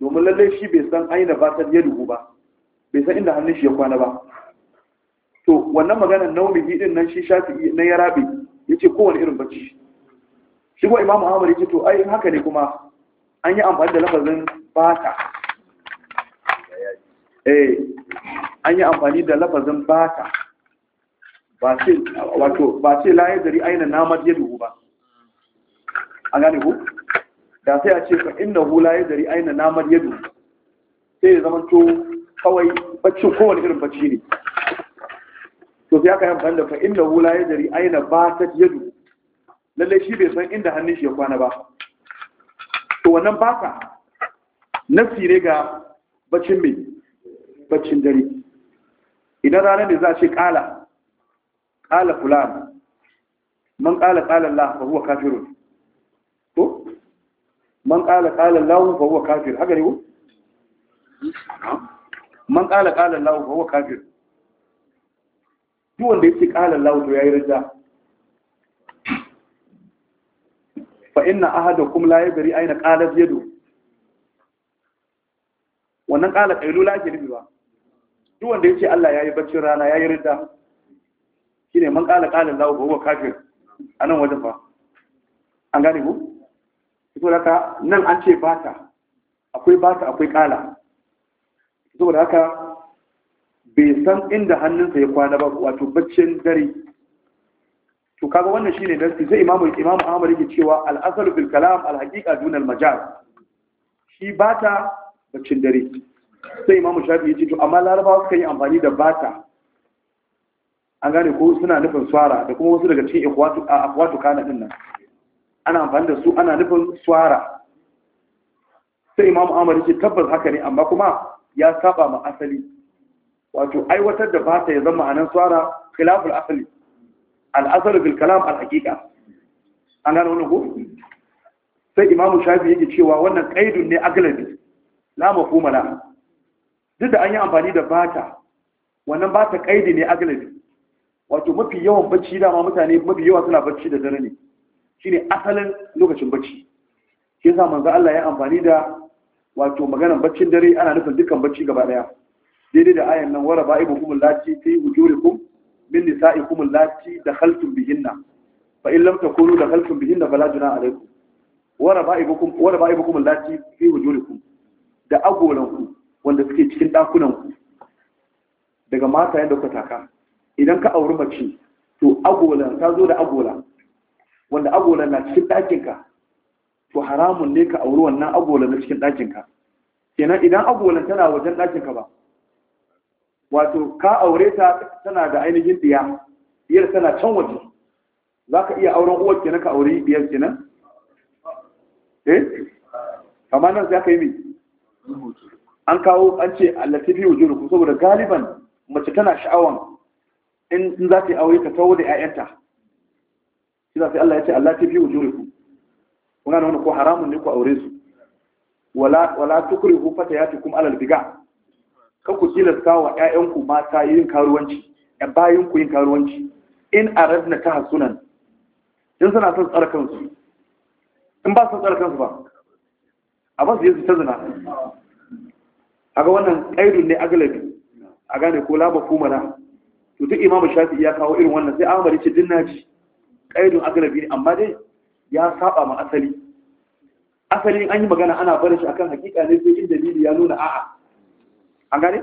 domin lallai shi bai san aina ba ta yadu ba bai san inda hannun shi ya kwana ba to wannan maganar biyu din nan shi shafi na ya rabe ya ce kowane irin bacci shi kuma imamu ahmad ya ce to ai haka ne kuma an yi amfani da lafazin bata eh an yi amfani da lafazin bata ba ce wato ba ce la ya dari aina namar ya ba an gane ku da sai a ce ka inda hula ya dari aina namar ya dubu sai ya zama to kawai baccin kowane irin bacci ne to sai aka yi amfani da fa inda hula ya jari aina ba ta yadu lallai shi bai san inda hannun shi ya kwana ba to wannan baka nafi ne ga baccin mai baccin dare idan ranar da za a ce kala kala fulan man kala kala Allah fa huwa kafirun to man kala kala Allah fa huwa kafir haka ne ko man ƙala ƙalan lawo ba wa kafir duk wanda yake ƙalan lawo to ya yi rida fa inna ahada kuma la yadri aina qalat yadu wannan ƙala ƙailula ake nufi ba duk wanda yake Allah ya yi baccin rana ya yi rida shine man ƙala ƙalan lawo ba wa kafir a nan wajen ba an gane ku? ito daga nan an ce bata akwai bata akwai ƙala saboda haka bai san inda hannunsa ya kwana ba wato baccin dare to kaga wannan shine nasi sai imamu imamu Ahmad yake cewa al-asalu fil kalam al-haqiqa dun al-majaz shi bata baccin dare sai imamu Shafi yace to amma larabawa suka yi amfani da bata an gane ko suna nufin swara da kuma wasu daga cikin a akhwatu kana din nan ana amfani da su ana nufin swara sai imamu Ahmad yake tabbas haka ne amma kuma ya saba ma asali wato aiwatar da fata ya zama anan tsara khilaful asali al'asar bil kalam al an gano wannan ko sai imam shafi yake cewa wannan qaidun ne aglabi la mafhuma la duk da an yi amfani da fata wannan bata qaidi ne aglabi wato mafi yawan bacci dama mutane mafi yawa suna bacci da dare ne shine asalin lokacin bacci shi yasa manzo Allah ya amfani da wato maganar baccin dare ana nufin dukkan bacci gaba daya daidai da ayan nan wara ba'ibu kumul lati fi wujurikum min nisa'ikum allati dakhaltum bihinna fa in lam takunu dakhaltum bihinna fala junaha alaykum wara ba'ibukum wara ba'ibukum allati fi wujurikum da agolanku wanda suke cikin dakunanku daga mata yadda kuka taka idan ka auri mace to agolan ta zo da agola wanda agolan na cikin ɗakinka to haramun ne ka auri wannan agolan na cikin ɗakinka kenan idan agolan tana wajen ɗakinka ba wato ka aure ta tana da ainihin ɗiya ɗiyar tana can waje za ka iya auren uwar kenan ka auri biyar? kenan eh amma nan za ka yi mi an kawo an ce allatifi ku. saboda galiban mace tana sha'awan in za ta yi aure ka tawo da 'ya'yanta shi za ta Allah ya ce allatifi ku. kuna nuna ko haramun ne ku aure su wala wala tukrihu fatayatukum alal biga ka ku tilasta wa ƴaƴanku mata yin karuwanci ƴan bayin ku yin karuwanci in aradna tahassunan in suna son tsara kansu in ba su tsara kansu ba a ba su yi su ta zina kaga wannan ƙaidun ne agalabi a gane ko laba kumana to duk imamu shafi ya kawo irin wannan sai amari ce din naji ƙaidun agalabi ne amma dai ya saba ma asali asali an yi magana ana barin shi akan hakika ne sai in dalili ya nuna a'a an gane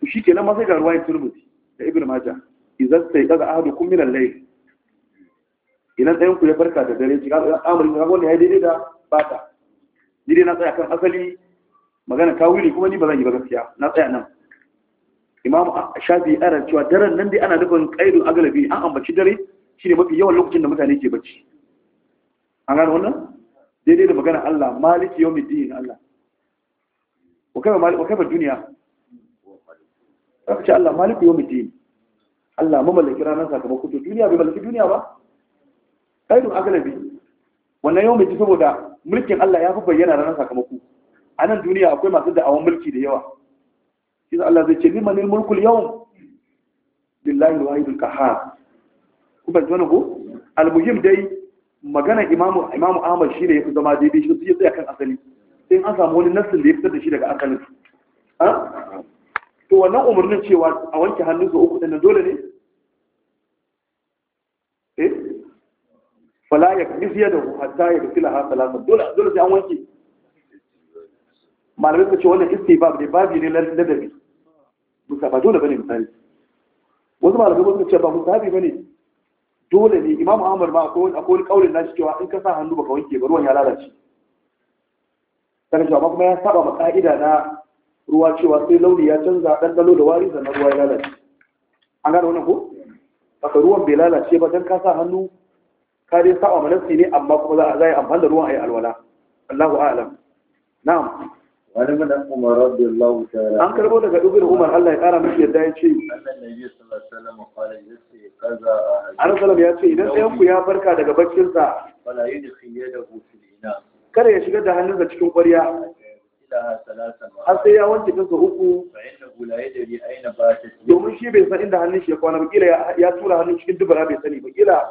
to shi kenan masai ga ruwayin turmuti da ibn maja idan sai daga ahadu kun al layl idan ɗayan ku ya farka da dare shiga ɗan amurin ga wannan ya daidai da bata ni dai na tsaya kan asali magana ta wuri kuma ni ba zan yi ba gaskiya na tsaya nan imamu shafi ya cewa daren nan dai ana nufin ƙaidun agalabi an ambaci dare shine mafi yawan lokacin da mutane ke bacci an gano wannan daidai da magana Allah maliki yau middin Allah wa ba duniya za ka ce Allah maliki yau middin Allah mamallaki ranar sakamako to duniya bai mallaki duniya ba ƙaidun agalabi wannan yau middin saboda mulkin Allah ya fi bayyana ranar sakamako a nan duniya akwai masu da'awan mulki da yawa shi Allah zai ce limanil mulkul yau lillahi wahidul kahar ku ban ko almuhim dai magana imamu imamu ahmad shi ne ya fi zama daidai shi su ya tsaya kan asali in an samu wani nassin da ya fitar da shi daga akalin to wannan umarnin cewa a wanke hannun su uku ɗannan dole ne eh fala ya kafi fiye da hatta ya kafi laha salasa dole dole sai an wanke malamai ka ce wannan iske babu ne babu ne ladabi musa ba dole bane misali wasu malamai su ce ba musabi bane dole ne imam amur ma akwai wani kaulin nashi cewa in ka sa hannu baka wanke ba ruwan ya lalace daga cewa kuma ya saba ma ka'ida na ruwa cewa sai launi ya canza ɗanɗano da wari sannan ruwa ya lalace an gane wannan ko Baka ruwan bai lalace ba don ka sa hannu ka dai saba ma nafsi ne amma kuma za a zai amfani da ruwan a yi alwala Allahu a'lam na'am wani min umar radiyallahu ta'ala an karbo daga dubin umar Allah ya kara mishi yadda ya ce annabi sallallahu alaihi wasallam qala Annabi ya ce idan ɗayan ku ya farka daga baccin kada ya shigar da hannunsa cikin ƙwarya har sai ya wanke kansa uku domin shi bai san inda hannun shi ya kwana ba kila ya tura hannun cikin dubara bai sani ba kila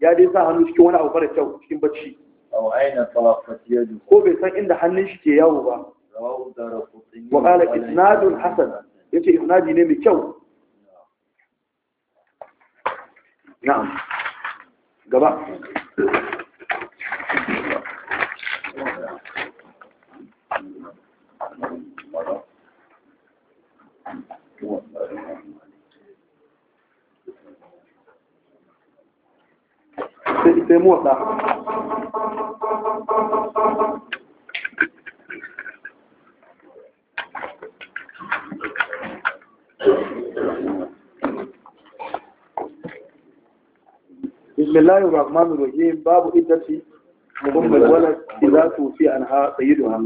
ya dai sa hannun cikin wani abu mara kyau cikin bacci ko bai san inda hannun shi ke yawo ba wa qala isnadun hasan ce isnadi ne mai kyau na'am gaba sai motsa Thank you. bismillahir rahmanir rahim babu iddati ummul walad idza tufi anha sayyiduha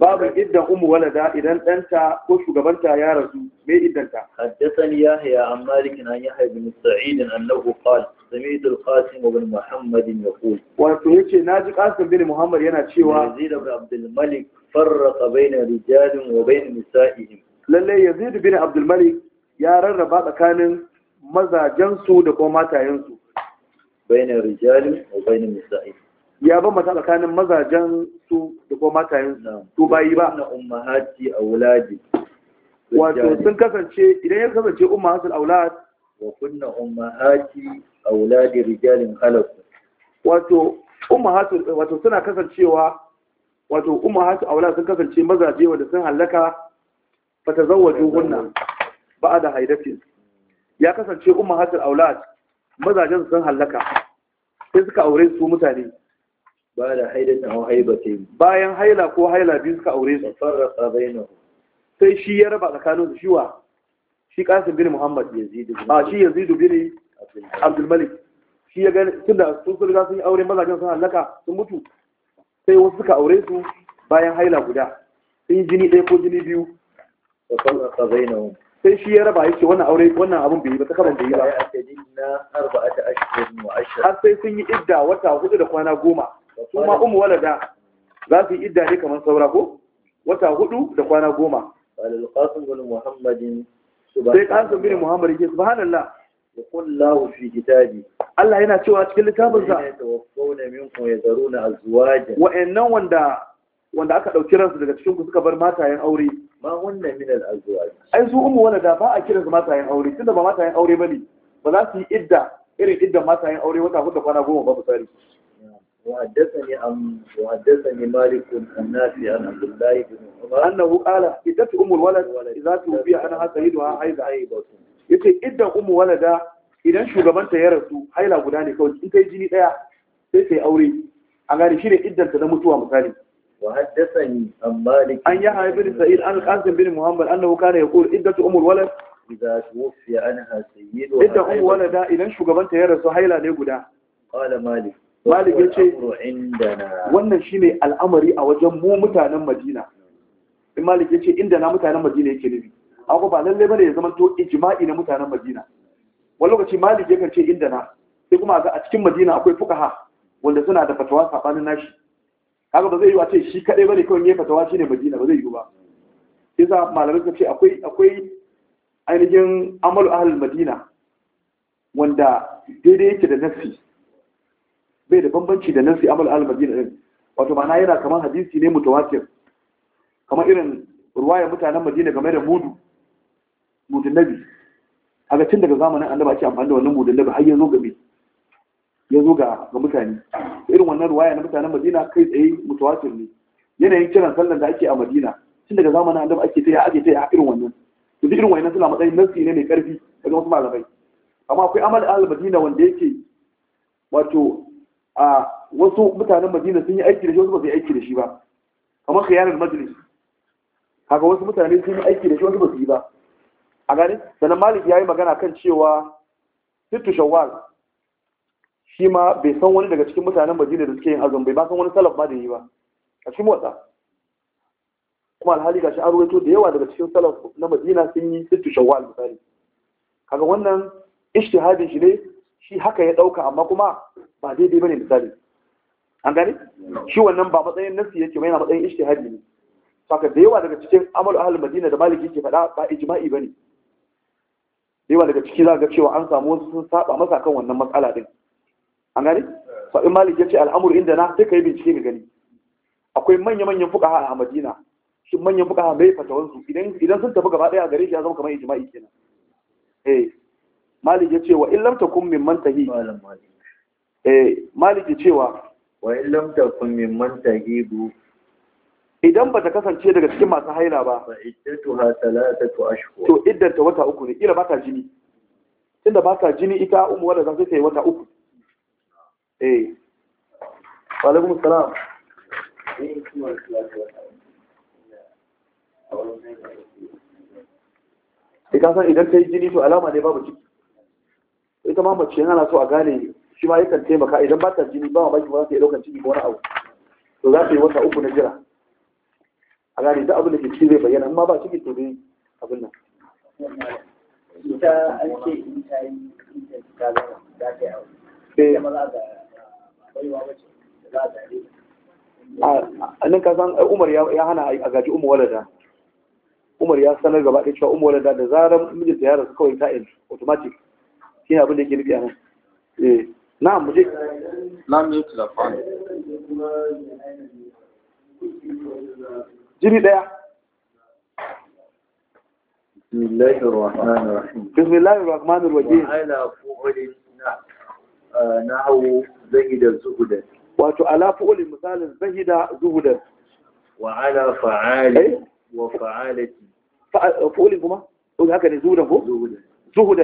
babu iddan ummu walada idan danta ko shugabanta ya rasu me iddanta haddathani yahya an malik an yahya bin sa'id annahu qala سمعت القاسم بن محمد يقول وتوجه ناجي قاسم بن محمد yana cewa Yazid bin Abdul Malik farraqa baina rijalin wa baina nisa'ihim lalle bin Abdul ya rarraba tsakanin mazajensu da kuma matayensu bainar rijali wa bainar nisa'i ya ban mata tsakanin mazajen su da kuma matayen su bayi ba na ummahati auladi wato sun kasance idan ya kasance ummahatul aulad wa kunna ummahati auladi rijalin khalaq wato ummahatul wato suna kasancewa wato ummahatul aulad sun kasance mazaje wanda sun halaka fatazawwaju hunna ba'da haidatin ya kasance ummahatul aulad mazajen sun hallaka sai suka aure su mutane bayan haila ko haila biyu suka aure su sai shi ya raba tsakanin shi wa shi kasin bin muhammad yazidu a ah, shi yazidu bin abdulmalik shi ya gani tunda sun sun riga sun yi aure mazajen sun hallaka sun mutu sai wasu suka aure su bayan haila guda sun yi jini ɗaya ko jini biyu da sai shi ya raba yake wannan aure wannan abun bai yi ba ta kaban bai yi ba har sai sun yi idda wata hudu da kwana goma kuma umu walada za su yi idda ne kamar saura ko wata hudu da kwana goma sai kasim bin muhammad yake subhanallah يقول الله في كتابه الله هنا cewa cikin littafin sa yatawaffawna minkum yazaruna azwaja wa innan wanda aka ɗauki ransu daga cikin ku suka bar matayen aure ma wannan min al-azwaj ai su ummu walada ba a kiransu matayen aure tunda ba matayen aure bane ba za su yi idda irin idda matayen aure wata hudu kwana goma ba misali وحدثني عن وحدثني مالك النافي عن عبد الله بن عمر انه قال ادت ام الولد اذا توفي عنها سيدها حيض عيبه yace idan ummu walada idan shugabanta ya rasu haila guda ne kawai in kai jini daya sai sai aure a gane shi ne iddan na mutuwa misali وحدثني عن مالك عن يحيى بن سعيد عن القاسم بن محمد انه كان يقول عدة ام الولد اذا توفي عنها سيد عدة ام ولد اذا شغبانتا يا رسول هيلا ne guda قال مالك مالك yace wannan shine al'amari a wajen mu mutanen Madina in malik yace inda na mutanen Madina yake nufi akwai ba lalle bane ya zama to ijma'i na mutanen Madina wani lokaci malik yakan ce inda na sai kuma a cikin Madina akwai fuqaha wanda suna da fatawa sabanin nashi haka ba zai yi wace shi kadai bane kawai ya fatawa shine madina ba zai yi ba yasa malamai ka ce akwai akwai ainihin amalu ahal madina wanda daidai yake da nafsi bai da bambanci da nafsi amalu ahal madina din wato ma'ana yana kamar hadisi ne mutawatir kamar irin ruwayar mutanen madina game da mudu mudun nabi a tun daga zamanin annabi ake amfani da wannan mudun nabi har yanzu game ya zo ga mutane irin wannan ruwaya na mutanen madina kai tsaye mutawatir ne yanayin kiran sallan da ake a madina tun daga zamanin annabi ake ta ya ake ta ya irin wannan to duk irin wannan suna matsayin nasi ne mai karfi daga wasu malamai amma akwai amal al madina wanda yake wato a wasu mutanen madina sun yi aiki da shi wasu ba su yi aiki da shi ba kamar khiyarar majalis kaga wasu mutane sun yi aiki da shi wasu ba su yi ba a gani sannan malik ya yi magana kan cewa sittu shawwal shi ma bai san wani daga cikin mutanen madina da suke yin azum. bai ba san wani salaf ma da yi ba a cikin wasa kuma alhali gashi an ruwaito da yawa daga cikin salaf na madina sun yi sittu shawwal misali kaga wannan ijtihadin shi ne shi haka ya dauka amma kuma ba daidai bane misali an gane shi wannan ba matsayin nasi yake ba yana matsayin ijtihadi ne saka da yawa daga cikin amalu ahlul madina da maliki ke faɗa ba ijma'i bane da yawa daga ciki za ga cewa an samu wasu sun saba masa kan wannan matsala din an gani faɗin malik ya ce al'amur inda na sai ka yi bincike ga gani akwai manya-manyan fukaha a madina shi manyan fukaha mai fatawansu idan sun tafi gaba ɗaya a gare shi ya zama kamar ijma'i kenan eh malik ya ce wa in lam kun min mantahi eh malik ya cewa wa in lam takun min mantahi bu idan ba ta kasance daga cikin masu haila ba ashhur to iddanta wata uku ne ira ba ta jini tunda ba ta jini ita umu wadda za ta yi wata uku eh wa alaikum salam sai eh, ka san idan ta yi jini to alama ne babu ciki ita ma mace yana so a gane shi ma yakan taimaka idan ba ta jini ba ma baki ba za ta yi ɗaukar ciki ko wani abu to za ta yi wata uku na jira a gane ta abin da ke ciki zai bayyana amma ba ciki to dai abin nan ita an ce in ta yi ta gama za ta yi abu a nan kasan eh, umar ya hana a gaji umar walada umar ya sanar gaba ɗaya cewa umar walada da zarar mijinta ya rasu kawai ta'in automatic shi ne abin da ke nufi a nan eh, na mu je lam yi tilafan jini ɗaya Bismillahirrahmanirrahim. Bismillahirrahmanirrahim. rahim bismillahir rahmanir nahawu zahida zuhudan wato ala fu'ul misalin zahida zuhudan wa ala fa'ali wa fa'alati kuma haka ne ko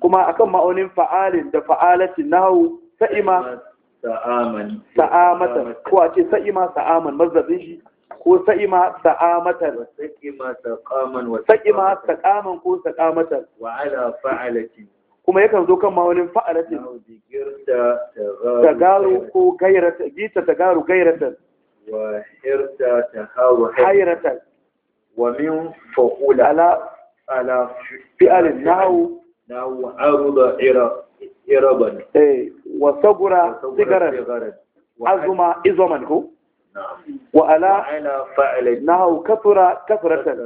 kuma akan ma'aunin fa'alin da fa'alati nahawu sa'ima sa'amatan ko a ce sa'ima sa'aman mazdabin shi ko sa'ima wa sa'ima sa'aman ko sa'amatan wa ala fa'alati kuma yakan zo kan ma'aunin fa'alatin tagaru ko gairatan gita tagaru gairatan wa hirta hayratan wa min fa'ula ala ala fi'alin nahu nahu ira iraban eh wa sabura sigaran azuma izaman ko wa ala fa'alin nahu kathura kathratan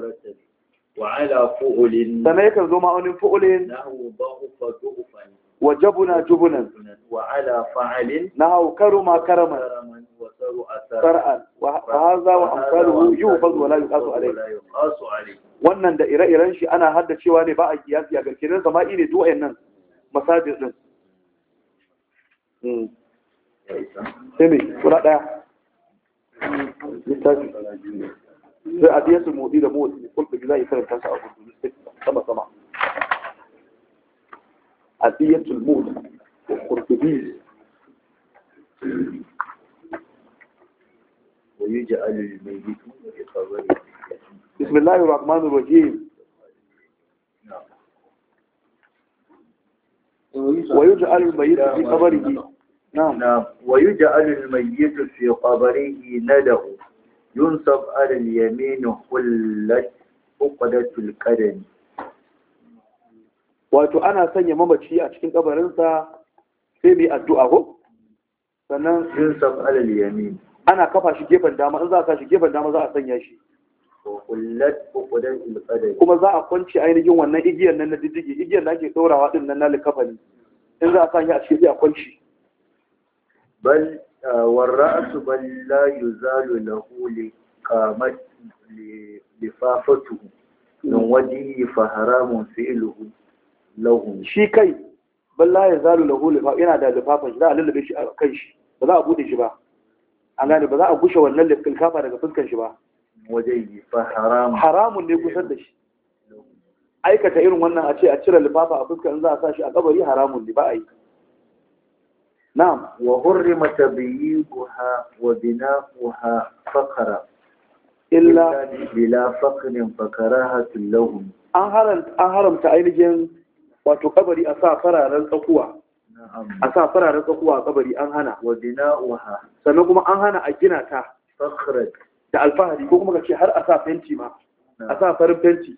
وعلى فؤل سنيك زوما أن فؤل نحو ضعف ضعفا وجبنا جبنا وعلى فعل نحو كرما كرما سرعا وهذا وأمثاله يوفض ولا يقاس عليه wannan da ire-iren shi ana haddacewa ne ba a kiyasi a garkirin sama'i ne duwayen nan masajin din sai mai فأدياس المؤديرة موت من كل بجلاي فلن تسعى أبوه كما سمع أدياس الموت والقربيز ويجعل الميت بسم الله الرحمن الرجيم ويجعل الميت في قبره نعم, نعم. ويجعل الميت في قبره نده ينصب على اليمين حلت عقدة القدم wato ana sanya mamaci a cikin kabarinsa sai mai addu'a ko sannan yunsaf alal yamin ana kafa shi gefen dama in za a shi gefen dama za a sanya shi kuma za a kwanci ainihin wannan igiyar nan na diddigi igiyar da ake saurawa din nan na likafani in za a sanya a cikin a kwanci bal والرأس من لا يزال له لقامة لفافته من وجهه فحرام فعله لهم شي كي بل لا يزال له لفاف yana da lifafin shi za a lullube shi a kan shi ba za a shi ba an gane ba za a wannan lifin daga fuskan shi ba haramun ne da shi aikata irin wannan a ce a cire lifafa a fuskan za a sa shi a kabari haramun ne ba a yi نعم وحرم تبييضها وبناؤها فقرا إلا بلا فقر فكراهة لهم an haramta ainihin wato kabari a sa fararen tsakuwa a sa fararen tsakuwa a kabari an sannan kuma an hana a gina ta da alfahari ko kuma ka ce har a sa a farin fenti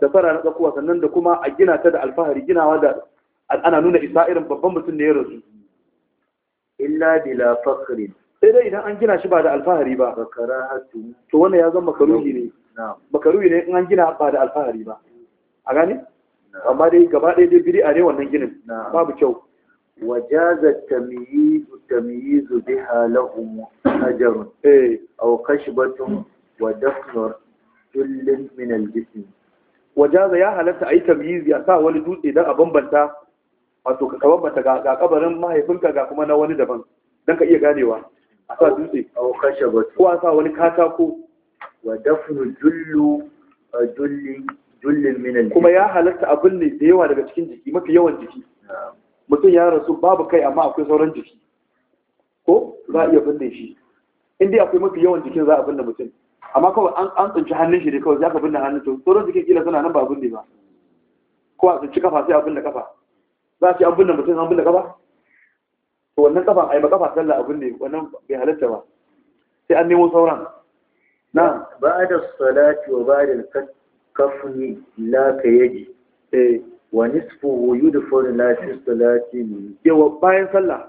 da fararen tsakuwa sannan da kuma a gina ta da alfahari ginawa da ana nuna isa irin babban mutum ne ya rasu illa bila fakhri sai dai idan an gina shi ba da alfahari ba ka karahatu to wannan ya zama makaruhi ne na'am makaruhi ne in an gina ba da alfahari ba a gane amma dai gaba ɗaya dai biri a ne wannan ginin babu kyau wajaza tamyiz tamyiz biha lahum ajr eh aw kashbatun wa dafnur kullin min al-jism wajaza ya halatta ay tamyiz ya sa wani dutse dan a bambanta wato ka kaban mata ga kabarin mahaifinka ga kuma na wani daban don ka iya ganewa a sa dutse ko a sa wani katako wa dafnu jullu jullin minan kuma ya halatta abin ne da yawa daga cikin jiki mafi yawan jiki mutum ya rasu babu kai amma akwai sauran jiki ko za a iya binne shi in dai akwai mafi yawan jikin za a binne mutum amma kawai an tsinci hannun shi ne kawai za ka binne hannun to sauran jikin kila suna nan ba binne ba ko a tsinci kafa sai a binne kafa za su ce an binne mutum an binne kafa to wannan kafa yi ba kafa sallah abin ne wannan bai halatta ba sai an nemo sauran na da salati wa ba da kafin ka yaji nisfu eh. wa yi da la lafi salati min yawa bayan sallah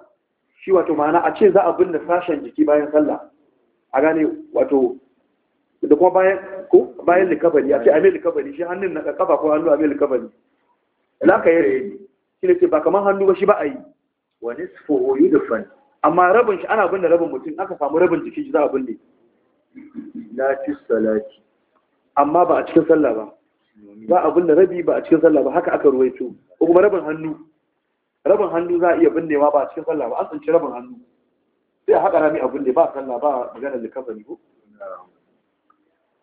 shi wato ma'ana a ce za a binne sashen jiki bayan sallah a gane wato da kuma bayan ko bayan likabari a ce a mai likabari shi hannun na kafa ko hannu a mai likabari laka yaji shi ne ba kamar hannu ba shi ba a yi wa nisfuhu yudfan amma rabin shi ana binne rabin mutum aka samu rabin jikin shi za a binne la fi salati amma ba a cikin sallah ba za a binne rabi ba a cikin sallah ba haka aka ruwaito ko kuma rabin hannu rabin hannu za a iya binnewa ba a cikin sallah ba an tsanci rabin hannu sai a haƙa rami a binne ba a sallah ba maganar likafani ko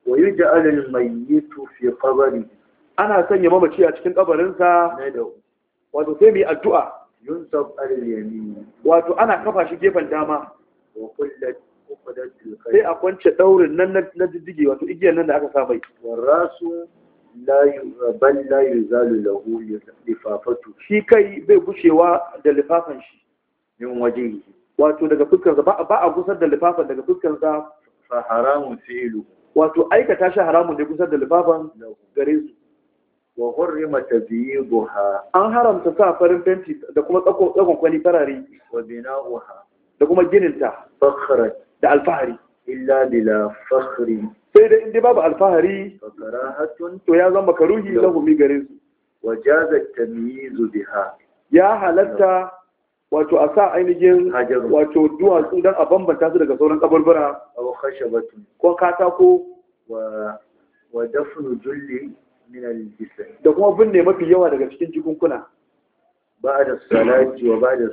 wa alal mayyitu fi qabri ana sanya mamaci a cikin kabarinsa wato sai mai addu'a yun al-yamin wato ana kafa shi gefen dama sai a kwance daurin nan na jijjige wato igiyar nan da aka samai. mai warasu ban yubal zalu lahu lifafatu shi kai bai gushewa da lifafan shi yin waje wato daga fuskarsa ba a gusar da lifafan daga fuskarsa fa haramun fi'lu wato aikata shi haramun ne gusar da lifafan gare su wa hurrima tabyiduha an haramta sa farin fenti da kuma tsakon tsakon kwani farare wa bina'uha da kuma gininta fakhrat da alfahari illa bila fakhri sai da inda babu alfahari fakarahatun to ya zama karuhi lahu mi gare su wa jaza tamyizu biha ya halatta wato a sa ainihin wato duwatsu don a bambanta su daga sauran kaburbura ko katako wa dafnu julli da kuma binne mafi yawa daga cikin jikunkuna Ba a da salati wa ba da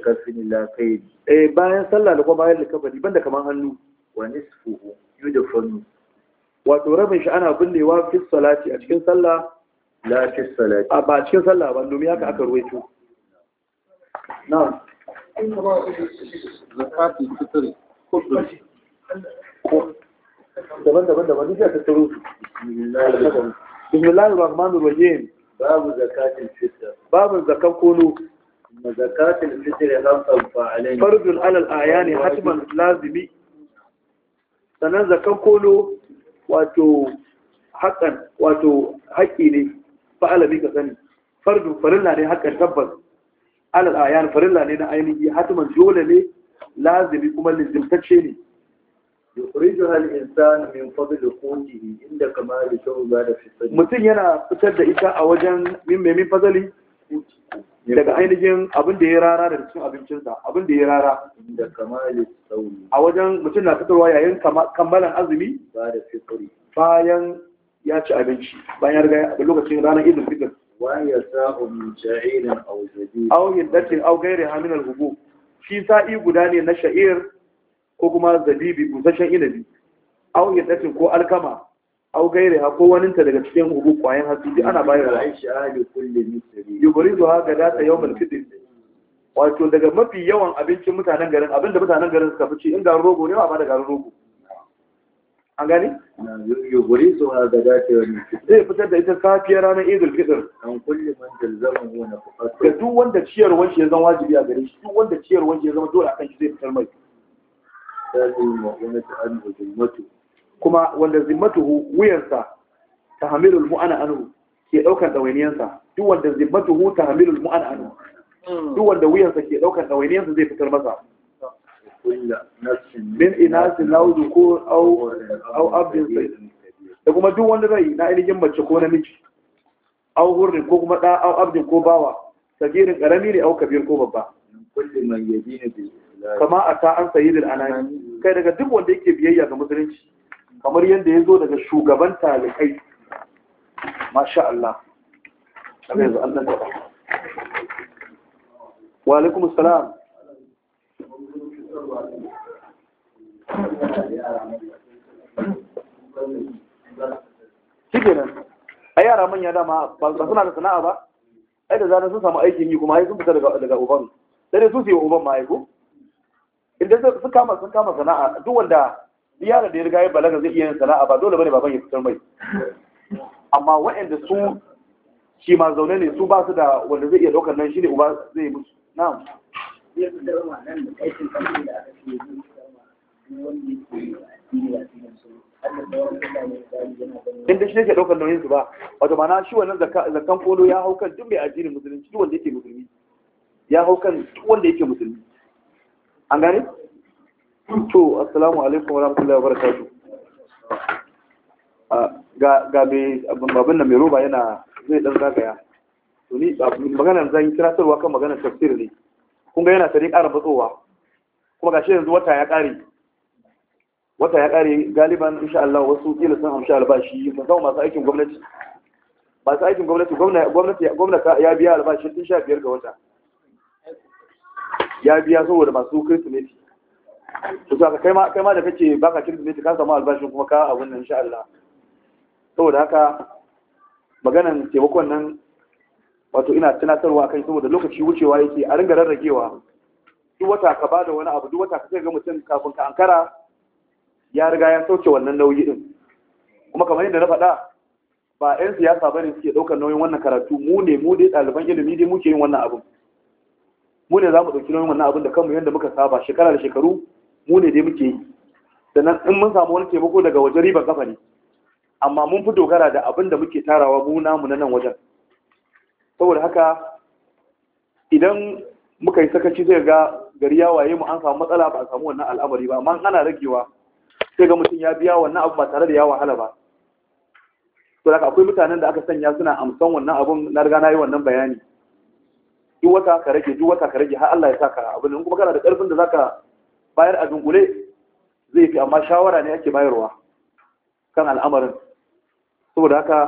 la kayl eh bayan sallah da kuma bayan likafani banda kamar hannu wa da fannu. wato rabin shi ana binnewa fi salati a cikin sallah la fi salati a ba cikin sallah ba domin haka aka ruwaito na'am zakati fitri kufr daban daban daban duk ya tattaro su bismillahir rahmanir rahim babu babu zakat kunu fardun alal ayani hatman lazimi sannan zakat kunu wato haƙan ne fa'ala bi sani fardun farilla ne haƙan tabbas alal ayan farilla ne na ainihi hatman dole ne lazimi kuma lizimtacce ne yukhrijuha al-insanu min fadli qutihi inda kamali shawza da fisadi mutum yana fitar da ita a wajen min mai min fadli daga ainihin abin da ya rara da cikin abincinsa abin da ya rara inda kamali sauri a wajen mutum na fitarwa yayin kammalan azumi ba da fitri bayan ya ci abinci bayan ya riga a lokacin ranar idin fitr waya sa'u min sha'irin aw zabi aw yaddatin aw ghairiha min al-hubub shi sa'i guda ne na sha'ir ko kuma zabibi busashen inabi au ya dace ko alkama aw ha ko waninta daga cikin hubu kwayan hatsi ana bayar da bayarwa yubarizu haka da ta yawmal fitr wato daga mafi yawan abincin mutanen garin abinda mutanen garin suka fi ci in garin rogo ne ba da garin rogo an gani? yuguri su ha da dace wani zai fitar da ita safiya ranar idul fitr an kulle man jalzaman wani fukatu ga duk wanda ciyarwar shi ya zama wajibi a gare shi duk wanda ciyarwar shi ya zama dole akan shi zai fitar mai kuma wanda zimmatuhu wuyansa ta tahamilul mu'ana anu ke daukar dawainiyansa duk wanda zimmatuhu tahamilul mu'ana anu, duk wanda wuyansa ke daukar dawainiyansa zai fitar masa min inasin lauzu ko au abdin sai da kuma duk wani rai na ainihin mace ko namiji au hurrin ko kuma da au abdin ko bawa sagirin karami ne au kabir ko babba kama a ta an sayi da anani kai daga duk wanda yake biyayya ga musulunci kamar yadda ya zo daga shugaban talikai masha Allah yanzu Allah da wa alaikum salam Kike nan a yara manya dama ba suna da sana'a ba ai da zanen sun samu aikin yi kuma ai sun fita daga uban dare su su yi uban ma aiko idan sun kama sun kama sana'a duk wanda yara da ya riga ya balaga zai iya yin sana'a ba dole bane baban ya fitar mai amma waɗanda su shi ma zaune ne su ba su da wanda zai iya ɗaukar nan shine uba zai musu na'am in da shi yake ɗaukar nauyin su ba wato mana shi wannan zakan folo ya hau kan duk mai addinin musulunci duk wanda yake musulmi ya hau kan duk wanda yake musulmi an gane? to assalamu alaikum wa rahmatullahi wa barakatu ah, ga mai babin nan mai roba yana zai dan zagaya to ni maganar zan kiratarwa kan maganar tafsir ne kun ga yana tare kara matsowa kuma gashi yanzu wata ya ƙare wata ya kare galiban insha Allah wasu kila sun amshi albashi musamman masu aikin gwamnati masu aikin gwamnati gwamnati ya biya albashi tun sha biyar ga wata ya biya saboda masu kirsimeti su saka kai ma da kake baka kirsimeti ka samu albashin kuma ka abin nan sha Allah saboda haka maganan taimakon nan wato ina tunatarwa kai saboda lokaci wucewa yake a ringa rarragewa duk wata ka bada wani abu duk wata ka ga mutum kafin ka ankara ya riga ya sauke wannan nauyi din kuma kamar yadda na faɗa ba 'yan siyasa ba ne suke ɗaukar nauyin wannan karatu mu ne mu dai ɗaliban ilimi dai muke yin wannan abu mu ne za mu ɗauki nauyin wannan abin da kanmu yadda muka saba shekara da shekaru mu ne dai muke yi sannan in mun samu wani taimako daga waje riba kafa ne amma mun fi dogara da abin da muke tarawa mu namu na nan wajen saboda haka idan muka yi sakaci zai ga gari ya waye mu an samu matsala ba a samu wannan al'amari ba amma ana ragewa sai ga mutum ya biya wannan abu ba tare da ya wahala ba saboda haka akwai mutanen da aka sanya suna amsan wannan abun na riga na yi wannan bayani duk wata ka rage duk wata ka rage har Allah ya saka abin in kuma kana da karfin da zaka bayar a dungule zai fi amma shawara ne ake bayarwa kan al'amarin saboda haka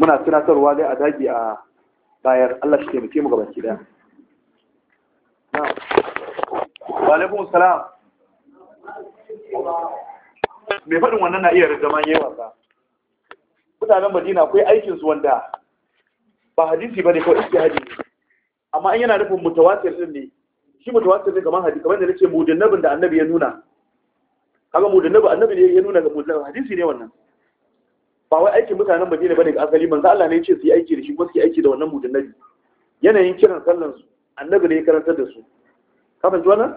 muna tunatarwa dai a dagi a bayar Allah shi taimake mu gabaki daya wa alaikum salam me faɗin wannan na iya rigaman yawa ba mutanen madina akwai aikinsu wanda ba hadisi ba ne kawai iske hadisi amma an yana nufin mutawatir din ne shi mutawatir din kamar hadisi kamar da nace mudannabin da annabi ya nuna kaga mudannabi annabi ne ya nuna ga mudannabi hadisi ne wannan ba wai aikin mutanen Madina bane ga asali manzo Allah ne ya ce su yi aiki da shi kuma su yi aiki da wannan mudannabi yanayin kiran sallan su annabi ne ya karantar da su ka fahimci wannan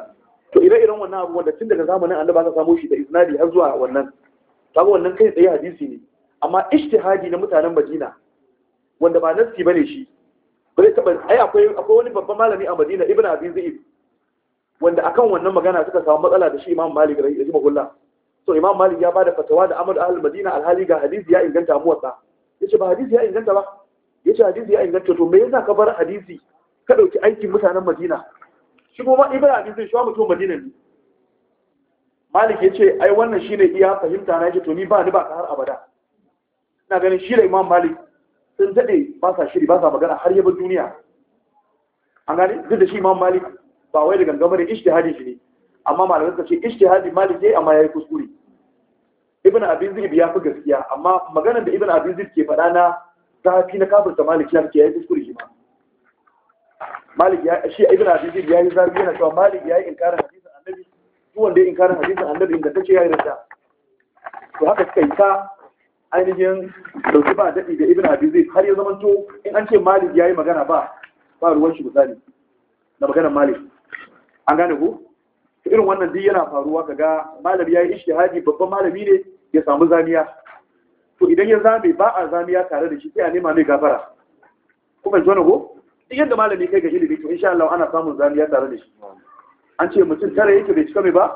to ire-iren wannan abu wanda tun daga zamanin annabi aka samo shi da isnadi har zuwa wannan kaga wannan kai tsaye hadisi ne amma ijtihadi na mutanen Madina wanda ba nassi bane shi ba taba ai akwai akwai wani babban malami a Madina Ibn Abi Zaid wanda akan wannan magana suka samu matsala da shi Imam Malik rahimahullah so Imam Malik ya bada fatawa da Ahmad Ahlul Madina alhali ga hadisi ya inganta mu wasa yace ba hadisi ya inganta ba yace hadisi ya inganta to me yasa ka bar hadisi ka dauki aikin mutanen Madina shi kuma Ibn Abi Zaid shi mutum Madina ne Malik yace ai wannan shine iya fahimta na yace to ni ba ni ba ka har abada ina ganin shi da Imam Malik sun dade ba sa shiri ba sa magana har yaba duniya an gani? duk da shi imam malik ba wai da gangama da ishtihadi shi ne amma malamai suka ce ishtihadi malik dai amma yayi kuskure ibn abin zirbi ya fi gaskiya amma maganar da ibn abin zirbi ke faɗa na zafi na ta malik ya fi yayi kuskure shi ma malik ya shi ibn abin ya yi zafi yana cewa malik ya yayi inkarin hadisin annabi duk wanda ya inkarin hadisin annabi inda ya yi rida to haka suka yi ta ainihin dauki ba daɗi da ibn abi zai har ya to in an ce malik ya yi magana ba ba ruwan shi misali na maganar malik an gane ko irin wannan duk yana faruwa kaga malami ya yi ishtihadi babban malami ne ya samu zamiya to idan ya zame ba a zamiya tare da shi sai a nema mai gafara kuma ji wani ko duk yadda malami kai ga ilimi to insha Allah ana samun zamiya tare da shi an ce mutum tare yake bai cika mai ba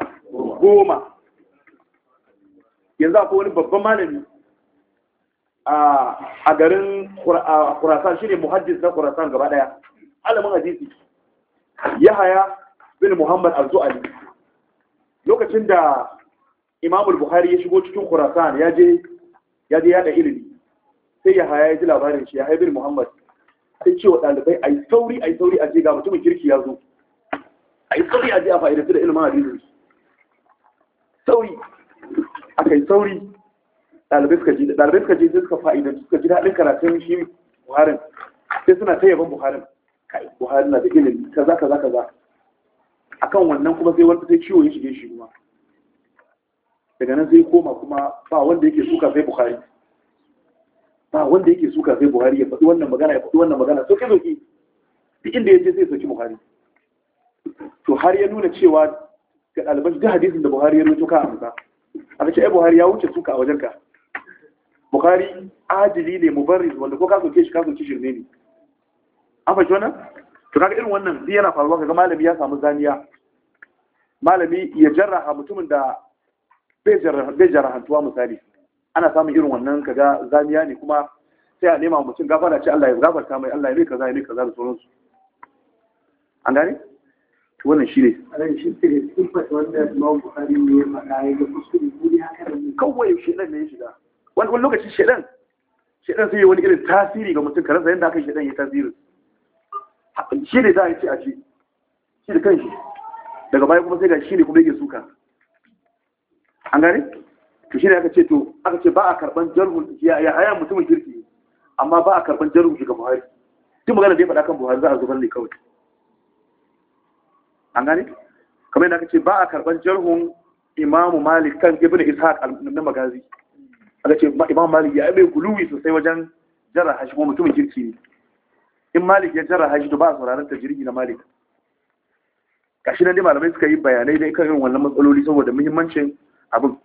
goma yanzu akwai wani babban malami a garin shi ne muhaddis na KuraSan gaba daya alamin hadisi haya bin Muhammad al-Zu'ali lokacin da Imamul Buhari ya shigo cikin KuraSan, ya je yada ilimi sai ya haya ya ji labarin shi ya haya bin Muhammad sai ce wa dalibai yi sauri yi sauri a je ga mutumin kirki ya zo A yi sauri a je a fa'idatu da ilimin hadisi sauri a kai sauri ɗalibai suka ji ɗalibai suka ji suka fa'ida suka ji daɗin karatun shi buharin sai suna ta yaban buharin kai buharin na da ilimi kaza kaza kaza akan wannan kuma sai wani sai ciwo ya shige shi kuma daga nan sai koma kuma ba wanda yake suka sai buhari ba wanda yake suka sai buhari ya faɗi wannan magana ya faɗi wannan magana so kai zoki duk inda ya je sai soki buhari to har ya nuna cewa ga ɗaliban duk hadisin da buhari ya rubuta ka amsa a ce ai buhari ya wuce suka a wajenka bukari adili ne mubarriz wanda ko ka kishi shi kishi ne ne an fahimci wannan to kaga irin wannan yana faruwa kaga malami ya samu zaniya malami ya jarraha mutumin da bai tuwa misali ana samun irin wannan kaga zaniya ne kuma sai a nema mutum gafara ce Allah ya gafarta mai Allah ya mai kaza ya mai kaza da sauransu an gane to wannan shine alai shi ne sifat wanda Imam Bukhari ne ya faɗa ya ga kuskure kuri haka kawai shi ne shiga wani wani lokaci shaidan shedan sai wani irin tasiri ga mutum karansa yadda aka shaidan ya tasiri shi ne za a yi ce a ce shi da shi daga baya kuma sai ga shi ne kuma yake suka an gane to shi ne aka ce to aka ce ba a karban jarhun ya haya mutumin kirki amma ba a karban jarhun shi ga buhari duk magana da ya faɗa kan buhari za a zubar ne kawai an gane kamar yadda aka ce ba a karban jarhun imamu malik kan ibn ishaq na magazi aka ce imam malik ya bai guluwi sosai wajen jara hashi ko mutumin kirki ne in malik ya jara hashi to ba a sauraron ta jirgi na malik shi nan dai malamai suka yi bayanai da kan yin wannan matsaloli saboda muhimmancin abin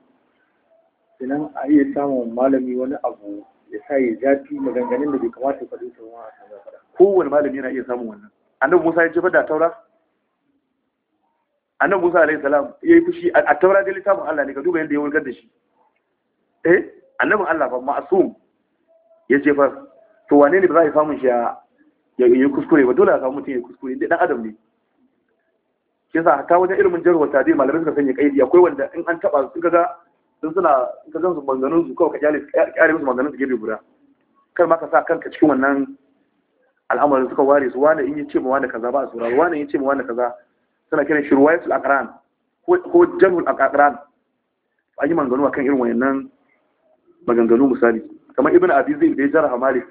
sinan a iya samun malami wani abu ya sa ya zafi maganganun da bai kamata ya faɗi ta wani kowane malami yana iya samun wannan annabi musa ya ce da taura annabi musa alaihi salam ya yi fushi a taura dai littafin allah ne ka duba yadda ya wulgar da shi eh annabin Allah ba ma'asum ya ce fa to wane ne ba za a yi samun shi ya yi kuskure ba dole a samu mutum ya kuskure dai dan adam ne shi sa haka wajen ilimin jarwa ta dai malamai suka sanya kaidi akwai wanda in an taba su kaga sun suna ka zan su maganganun su kawai ka kyale kyale musu maganganun su gefe guda kar ma ka sa kanka cikin wannan al'amarin suka ware su wani in ce ma wani kaza ba a sauraro wani in ce ma wani kaza suna kiran shi ruwayatul aqran ko ko a aqran an yi a akan irin wayannan maganganu misali kamar ibn abi zain da ya jara malik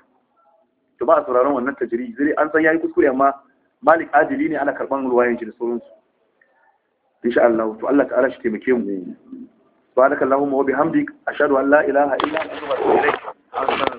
to ba a sauraron wannan tajiri zai an san yayi kuskure amma malik adili ne ana karban ruwayan shi da sauransu insha Allah to Allah ta'ala shi taimake mu subhanakallahumma wa bihamdik ashhadu an la ilaha illa anta astaghfiruka wa atubu ilaik